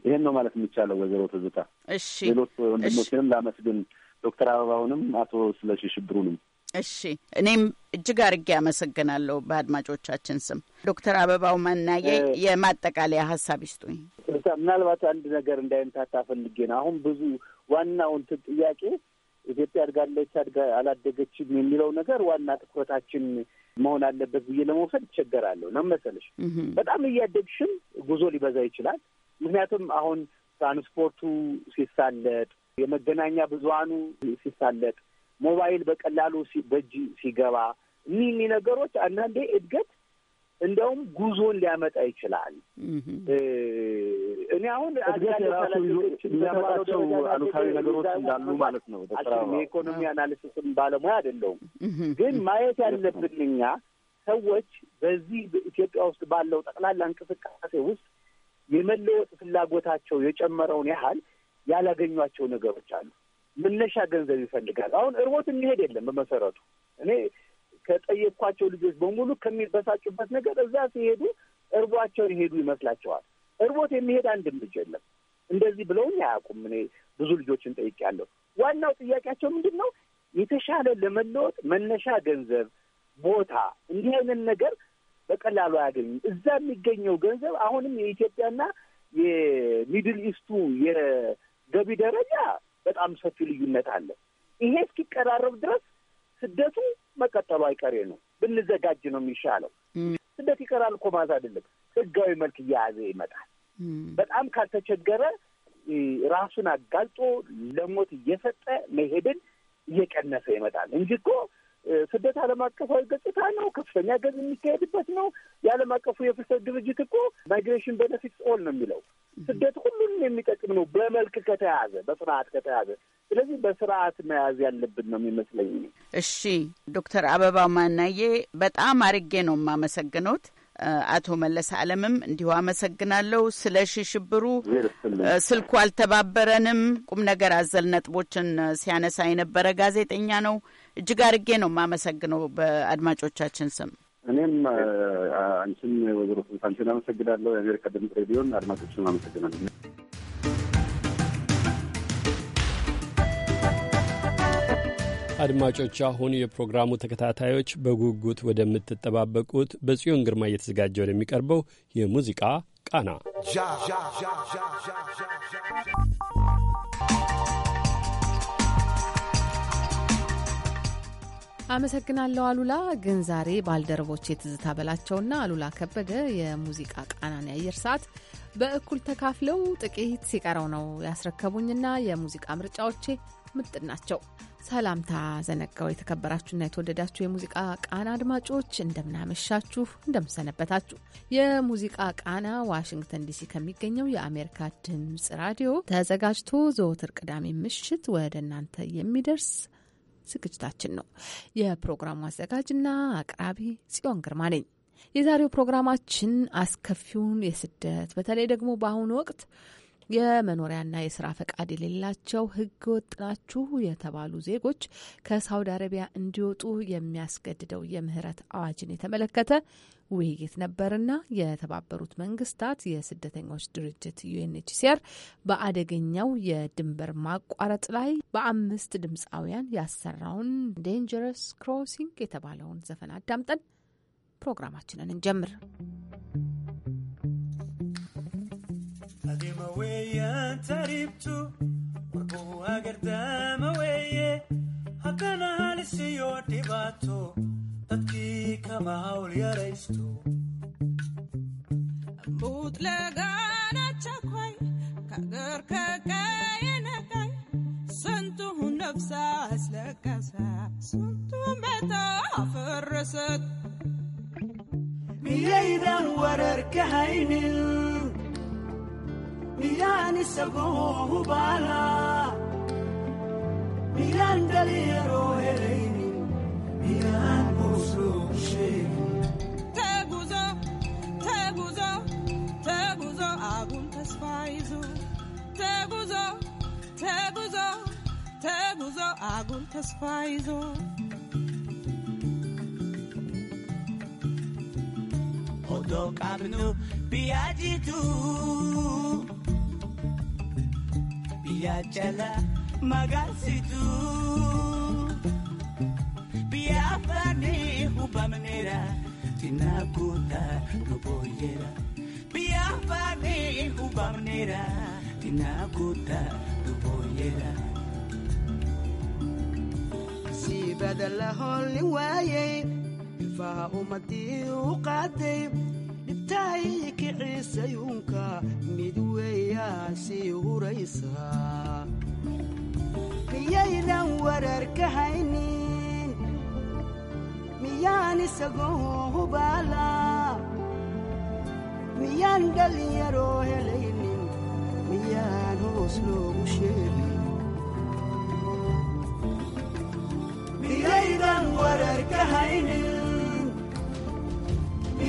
ይሄን ነው ማለት የሚቻለው። ወይዘሮ ትዝታ እሺ፣ ሌሎች ወንድሞችንም ላመስግን፣ ዶክተር አበባውንም አቶ ስለሺ ሽብሩንም እሺ እኔም እጅግ አርጌ አመሰግናለሁ በአድማጮቻችን ስም። ዶክተር አበባው መናዬ የማጠቃለያ ሀሳብ ይስጡኝ። ምናልባት አንድ ነገር እንዳይምታታ ፈልጌ ነው። አሁን ብዙ ዋናውን እንትን ጥያቄ ኢትዮጵያ አድጋለች አድጋ አላደገችም የሚለው ነገር ዋና ትኩረታችን መሆን አለበት ብዬ ለመውሰድ ይቸገራለሁ። ለመሰለሽ በጣም እያደግሽም ጉዞ ሊበዛ ይችላል። ምክንያቱም አሁን ትራንስፖርቱ ሲሳለጥ፣ የመገናኛ ብዙሀኑ ሲሳለጥ፣ ሞባይል በቀላሉ በእጅ ሲገባ እኒህ እኒህ ነገሮች አንዳንዴ እድገት እንደውም ጉዞን ሊያመጣ ይችላል። እኔ አሁን የሚያመጣቸው አሉታዊ ነገሮች እንዳሉ ማለት ነው። የኢኮኖሚ አናሊሲስም ባለሙያ አይደለሁም፣ ግን ማየት ያለብን እኛ ሰዎች በዚህ በኢትዮጵያ ውስጥ ባለው ጠቅላላ እንቅስቃሴ ውስጥ የመለወጥ ፍላጎታቸው የጨመረውን ያህል ያላገኟቸው ነገሮች አሉ። መነሻ ገንዘብ ይፈልጋል። አሁን እርቦት እንሄድ የለም በመሰረቱ እኔ ከጠየኳቸው ልጆች በሙሉ ከሚበሳጩበት ነገር እዛ ሲሄዱ እርቧቸው ይሄዱ ይመስላቸዋል። እርቦት የሚሄድ አንድም ልጅ የለም። እንደዚህ ብለውን አያውቁም። እኔ ብዙ ልጆችን ጠይቄያለሁ። ዋናው ጥያቄያቸው ምንድን ነው? የተሻለ ለመለወጥ መነሻ ገንዘብ፣ ቦታ፣ እንዲህ አይነት ነገር በቀላሉ አያገኙም። እዛ የሚገኘው ገንዘብ አሁንም የኢትዮጵያና የሚድል ኢስቱ የገቢ ደረጃ በጣም ሰፊ ልዩነት አለ። ይሄ እስኪቀራረብ ድረስ ስደቱ መቀጠሉ አይቀሬ ነው። ብንዘጋጅ ነው የሚሻለው። ስደት ይቀራል እኮ ማለት አይደለም። ህጋዊ መልክ እየያዘ ይመጣል። በጣም ካልተቸገረ ራሱን አጋልጦ ለሞት እየሰጠ መሄድን እየቀነሰ ይመጣል እንጂ እኮ ስደት ዓለም አቀፋዊ ገጽታ ነው። ከፍተኛ ገዝ የሚካሄድበት ነው። የዓለም አቀፉ የፍሰት ድርጅት እኮ ማይግሬሽን ቤነፊትስ ኦል ነው የሚለው። ስደት ሁሉንም የሚጠቅም ነው በመልክ ከተያዘ፣ በስርዓት ከተያዘ። ስለዚህ በስርዓት መያዝ ያለብን ነው የሚመስለኝ። እሺ ዶክተር አበባ ማናዬ በጣም አርጌ ነው የማመሰግኖት። አቶ መለስ አለምም እንዲሁ አመሰግናለሁ። ስለ ሽሽብሩ ስልኩ አልተባበረንም። ቁም ነገር አዘል ነጥቦችን ሲያነሳ የነበረ ጋዜጠኛ ነው። እጅግ አርጌ ነው የማመሰግነው በአድማጮቻችን ስም። እኔም አንቺን ወይዘሮ ስልጣንችን አመሰግናለሁ። የአሜሪካ ድምፅ ሬዲዮን አድማጮችን አመሰግናለሁ። አድማጮች አሁን የፕሮግራሙ ተከታታዮች በጉጉት ወደምትጠባበቁት በጽዮን ግርማ እየተዘጋጀ ወደሚቀርበው የሙዚቃ ቃና አመሰግናለሁ አሉላ። ግን ዛሬ ባልደረቦች የትዝታ በላቸውና አሉላ ከበደ የሙዚቃ ቃናን የአየር ሰዓት በእኩል ተካፍለው ጥቂት ሲቀረው ነው ያስረከቡኝና የሙዚቃ ምርጫዎቼ ምጥን ናቸው። ሰላምታ ዘነጋው። የተከበራችሁና የተወደዳችሁ የሙዚቃ ቃና አድማጮች እንደምናመሻችሁ፣ እንደምሰነበታችሁ። የሙዚቃ ቃና ዋሽንግተን ዲሲ ከሚገኘው የአሜሪካ ድምፅ ራዲዮ ተዘጋጅቶ ዘወትር ቅዳሜ ምሽት ወደ እናንተ የሚደርስ ዝግጅታችን ነው። የፕሮግራሙ አዘጋጅና አቅራቢ ጽዮን ግርማ ነኝ። የዛሬው ፕሮግራማችን አስከፊውን የስደት በተለይ ደግሞ በአሁኑ ወቅት የመኖሪያና የስራ ፈቃድ የሌላቸው ህገ ወጥ ናችሁ የተባሉ ዜጎች ከሳውዲ አረቢያ እንዲወጡ የሚያስገድደው የምህረት አዋጅን የተመለከተ ውይይት ነበርና የተባበሩት መንግስታት የስደተኞች ድርጅት ዩኤንኤችሲአር በአደገኛው የድንበር ማቋረጥ ላይ በአምስት ድምፃውያን ያሰራውን ዴንጀረስ ክሮሲንግ የተባለውን ዘፈን አዳምጠን ፕሮግራማችንን እንጀምር። weeyaan tariibtu warbuu agardaama weeye hakkana halis iyo dhibaato dadkii kama hawl yaraystu mutlagana chakwai kagarka kayenakay santuhu nafsa aslakasa santu meta afarasad miyaydan wararka haynin miyaan isagoo hubaala miyaan dhalinyaroo helaynin miyaan boosoo sheegin teeguzo teeguzo teeguzo agun tasfaayizo teeguzo teeguzo teeguzo agun tasfaayizo odoo qabnu biyyaa jituu. biyya jala magaalsitu biyya afaanii hubamneera tinna kuuta lubooyeera biyya afaanii hubamneera tinna kuuta lubooyeera. si badala hoolli waayee fa'a uummatii u qaatee tahay kiciisayuunka mid weeyaa sii huraysaa miyaydan warar ka haynin miyaan isagoo hubaala miyaan dhalinyaroo helaynin miyaan hoos loogu sheegin miyaydan warar ka haynin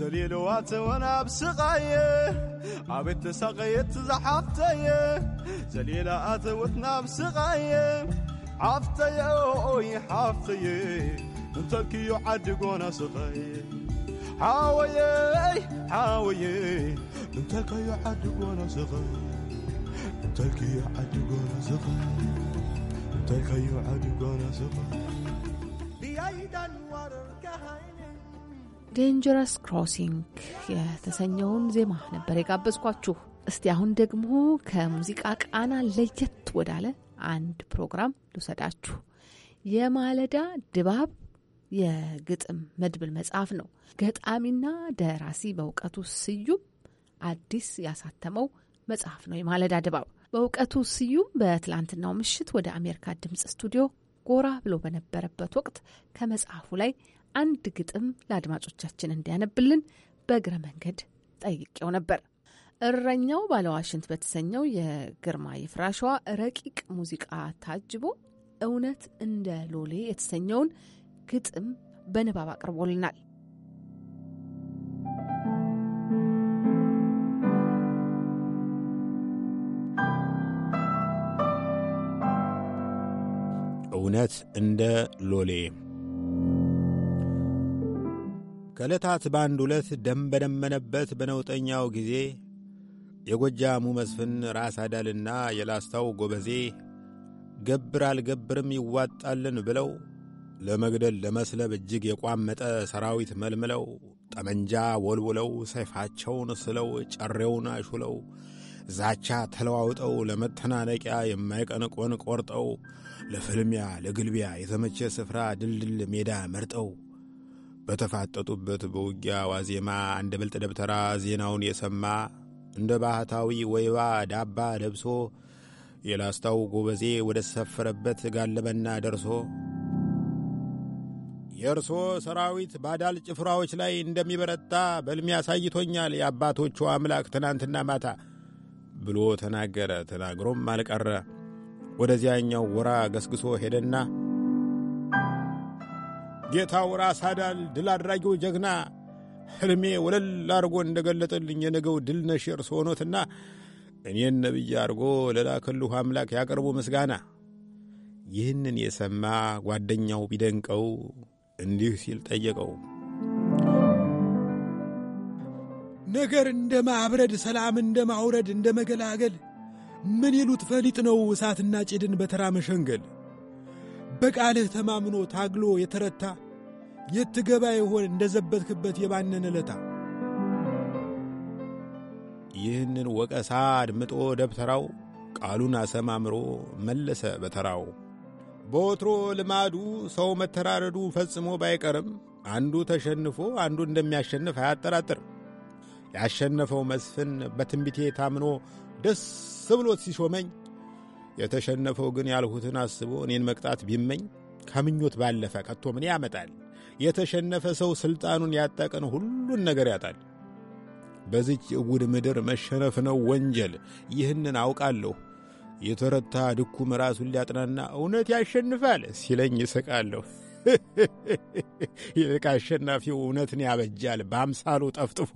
جليل وات وانا بسقايه عبت سقيت زحفتيه جليل ات وتنا بسقايه عفتيه اوي حفتيه انت الكيو عدق وانا سقايه حاويه حاويه انت الكيو عدق وانا سقايه انت الكيو عدق سقايه انت الكيو سقايه ዴንጀረስ ክሮሲንግ የተሰኘውን ዜማ ነበር የጋበዝኳችሁ። እስቲ አሁን ደግሞ ከሙዚቃ ቃና ለየት ወዳለ አንድ ፕሮግራም ልውሰዳችሁ። የማለዳ ድባብ የግጥም መድብል መጽሐፍ ነው። ገጣሚና ደራሲ በእውቀቱ ስዩም አዲስ ያሳተመው መጽሐፍ ነው የማለዳ ድባብ። በእውቀቱ ስዩም በትላንትናው ምሽት ወደ አሜሪካ ድምፅ ስቱዲዮ ጎራ ብሎ በነበረበት ወቅት ከመጽሐፉ ላይ አንድ ግጥም ለአድማጮቻችን እንዲያነብልን በእግረ መንገድ ጠይቄው ነበር። እረኛው ባለዋሽንት በተሰኘው የግርማ ይፍራሸዋ ረቂቅ ሙዚቃ ታጅቦ እውነት እንደ ሎሌ የተሰኘውን ግጥም በንባብ አቅርቦልናል። እውነት እንደ ሎሌ ከዕለታት በአንድ ሁለት ደም በደመነበት በነውጠኛው ጊዜ የጎጃሙ መስፍን ራስ አዳልና የላስታው ጎበዜ ገብር አልገብርም ይዋጣልን ብለው ለመግደል ለመስለብ እጅግ የቋመጠ ሰራዊት መልምለው ጠመንጃ ወልውለው ሰይፋቸውን ስለው ጨሬውን አሹለው ዛቻ ተለዋውጠው ለመተናነቂያ የማይቀንቆን ቆርጠው ለፍልሚያ ለግልቢያ የተመቸ ስፍራ ድልድል ሜዳ መርጠው በተፋጠጡበት በውጊያ ዋዜማ እንደ ብልጥ ደብተራ ዜናውን የሰማ እንደ ባህታዊ ወይባ ዳባ ደብሶ የላስታው ጎበዜ ወደ ሰፈረበት ጋለበና ደርሶ የእርሶ ሰራዊት ባዳል ጭፍራዎች ላይ እንደሚበረታ በልሚ አሳይቶኛል የአባቶቹ አምላክ ትናንትና ማታ ብሎ ተናገረ። ተናግሮም አልቀረ። ወደዚያኛው ወራ ገስግሶ ሄደና ጌታው ራስ አዳል ድል አድራጊው ጀግና ሕልሜ ወለል አድርጎ እንደገለጠልኝ የነገው ድል ነሽ እርስ ሆኖትና እኔን ነቢይ አድርጎ ለላከልሁ አምላክ ያቀርቡ ምስጋና። ይህንን የሰማ ጓደኛው ቢደንቀው እንዲህ ሲል ጠየቀው። ነገር እንደ ማብረድ፣ ሰላም እንደ ማውረድ፣ እንደ መገላገል ምን ይሉት ፈሊጥ ነው እሳትና ጭድን በተራ መሸንገል በቃልህ ተማምኖ ታግሎ የተረታ የትገባ የሆን ይሆን እንደ ዘበትክበት የባነን ዕለታ። ይህንን ወቀሳ አድምጦ ደብተራው ቃሉን አሰማምሮ መለሰ በተራው። በወትሮ ልማዱ ሰው መተራረዱ ፈጽሞ ባይቀርም አንዱ ተሸንፎ አንዱ እንደሚያሸንፍ አያጠራጥርም። ያሸነፈው መስፍን በትንቢቴ ታምኖ ደስ ብሎት ሲሾመኝ የተሸነፈው ግን ያልሁትን አስቦ እኔን መቅጣት ቢመኝ ከምኞት ባለፈ ቀጥቶ ምን ያመጣል? የተሸነፈ ሰው ሥልጣኑን ያጣቀን ሁሉን ነገር ያጣል። በዚች እውድ ምድር መሸነፍ ነው ወንጀል። ይህንን አውቃለሁ። የተረታ ድኩም ራሱን ሊያጥናና እውነት ያሸንፋል ሲለኝ ይስቃለሁ። ይልቅ አሸናፊው እውነትን ያበጃል በአምሳሉ ጠፍጥፎ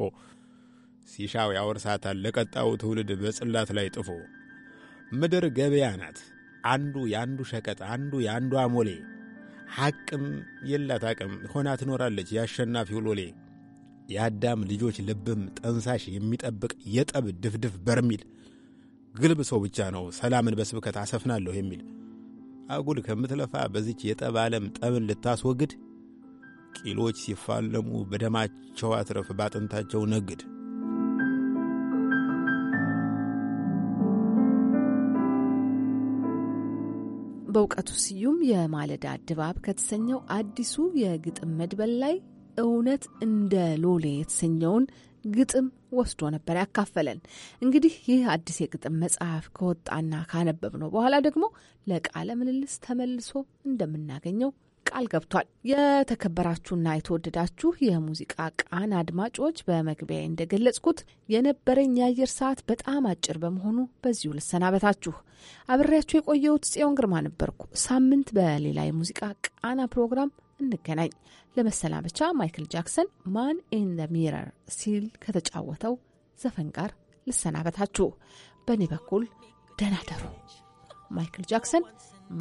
ሲሻው ያወርሳታል ለቀጣዩ ትውልድ በጽላት ላይ ጥፎ ምድር ገበያ ናት። አንዱ የአንዱ ሸቀጥ፣ አንዱ የአንዱ አሞሌ። ሐቅም የላት አቅም ሆና ትኖራለች የአሸናፊው ሎሌ። የአዳም ልጆች ልብም ጠንሳሽ የሚጠብቅ የጠብ ድፍድፍ በርሚል ግልብ ሰው ብቻ ነው ሰላምን በስብከት አሰፍናለሁ የሚል አጉል ከምትለፋ በዚች የጠብ ዓለም ጠብን ልታስወግድ ቂሎች ሲፋለሙ በደማቸው አትረፍ፣ ባጥንታቸው ነግድ። በእውቀቱ ስዩም የማለዳ ድባብ ከተሰኘው አዲሱ የግጥም መድበል ላይ እውነት እንደ ሎሌ የተሰኘውን ግጥም ወስዶ ነበር ያካፈለን። እንግዲህ ይህ አዲስ የግጥም መጽሐፍ ከወጣና ካነበብ ነው በኋላ ደግሞ ለቃለ ምልልስ ተመልሶ እንደምናገኘው ቃል ገብቷል። የተከበራችሁና የተወደዳችሁ የሙዚቃ ቃና አድማጮች፣ በመግቢያ እንደገለጽኩት የነበረኝ የአየር ሰዓት በጣም አጭር በመሆኑ በዚሁ ልሰናበታችሁ። አብሬያችሁ የቆየሁት ጽዮን ግርማ ነበርኩ። ሳምንት በሌላ የሙዚቃ ቃና ፕሮግራም እንገናኝ። ለመሰናበቻ ማይክል ጃክሰን ማን ኢን ዘ ሚረር ሲል ከተጫወተው ዘፈን ጋር ልሰናበታችሁ። በእኔ በኩል ደናደሩ ማይክል ጃክሰን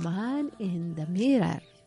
ማን ኢን ዘ ሚረር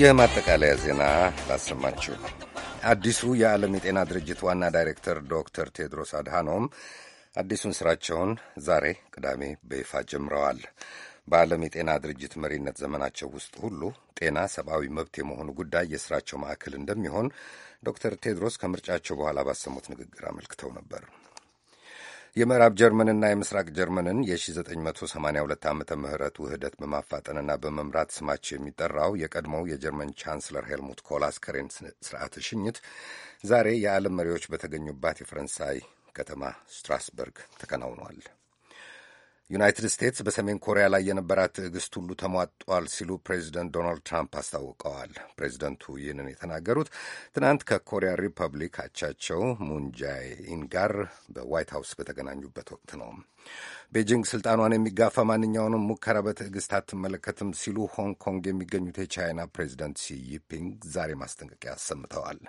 የማጠቃለያ ዜና ላሰማችሁ። አዲሱ የዓለም የጤና ድርጅት ዋና ዳይሬክተር ዶክተር ቴድሮስ አድሃኖም አዲሱን ሥራቸውን ዛሬ ቅዳሜ በይፋ ጀምረዋል። በዓለም የጤና ድርጅት መሪነት ዘመናቸው ውስጥ ሁሉ ጤና ሰብአዊ መብት የመሆኑ ጉዳይ የሥራቸው ማዕከል እንደሚሆን ዶክተር ቴድሮስ ከምርጫቸው በኋላ ባሰሙት ንግግር አመልክተው ነበር። የምዕራብ ጀርመንና የምስራቅ ጀርመንን የ1982 ዓመተ ምህረት ውህደት በማፋጠንና በመምራት ስማቸው የሚጠራው የቀድሞው የጀርመን ቻንስለር ሄልሙት ኮል አስከሬን ስርዓተ ሽኝት ዛሬ የዓለም መሪዎች በተገኙባት የፈረንሳይ ከተማ ስትራስበርግ ተከናውኗል። ዩናይትድ ስቴትስ በሰሜን ኮሪያ ላይ የነበራት ትዕግስት ሁሉ ተሟጧል ሲሉ ፕሬዚደንት ዶናልድ ትራምፕ አስታውቀዋል። ፕሬዚደንቱ ይህንን የተናገሩት ትናንት ከኮሪያ ሪፐብሊክ አቻቸው ሙንጃይን ጋር በዋይት ሀውስ በተገናኙበት ወቅት ነው። ቤጂንግ ስልጣኗን የሚጋፋ ማንኛውንም ሙከራ በትዕግስት አትመለከትም ሲሉ ሆንግ ኮንግ የሚገኙት የቻይና ፕሬዚደንት ሲጂፒንግ ዛሬ ማስጠንቀቂያ አሰምተዋል።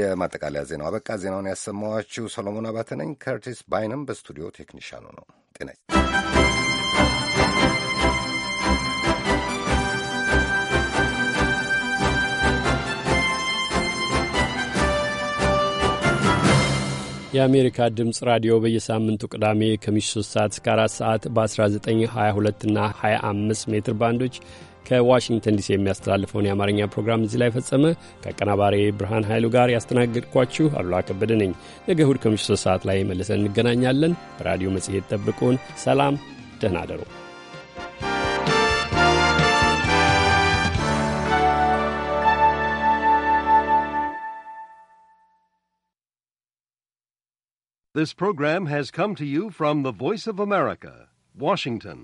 የማጠቃለያ ዜናው አበቃ። ዜናውን ያሰማኋችሁ ሰሎሞን አባተ ነኝ። ከርቲስ ባይነም በስቱዲዮ ቴክኒሻኑ ነው። ጤና የአሜሪካ ድምፅ ራዲዮ በየሳምንቱ ቅዳሜ ከምሽቱ 3 ሰዓት እስከ 4 ሰዓት በ1922 እና 25 ሜትር ባንዶች ከዋሽንግተን ዲሲ የሚያስተላልፈውን የአማርኛ ፕሮግራም እዚህ ላይ ፈጸመ። ከአቀናባሪ ብርሃን ኃይሉ ጋር ያስተናግድኳችሁ አሉላ ከበደ ነኝ። ነገ እሁድ ከምሽቱ ሶስት ሰዓት ላይ መልሰን እንገናኛለን። በራዲዮ መጽሔት ጠብቁን። ሰላም፣ ደህና አደሩ። This program has come to you from the Voice of America, Washington.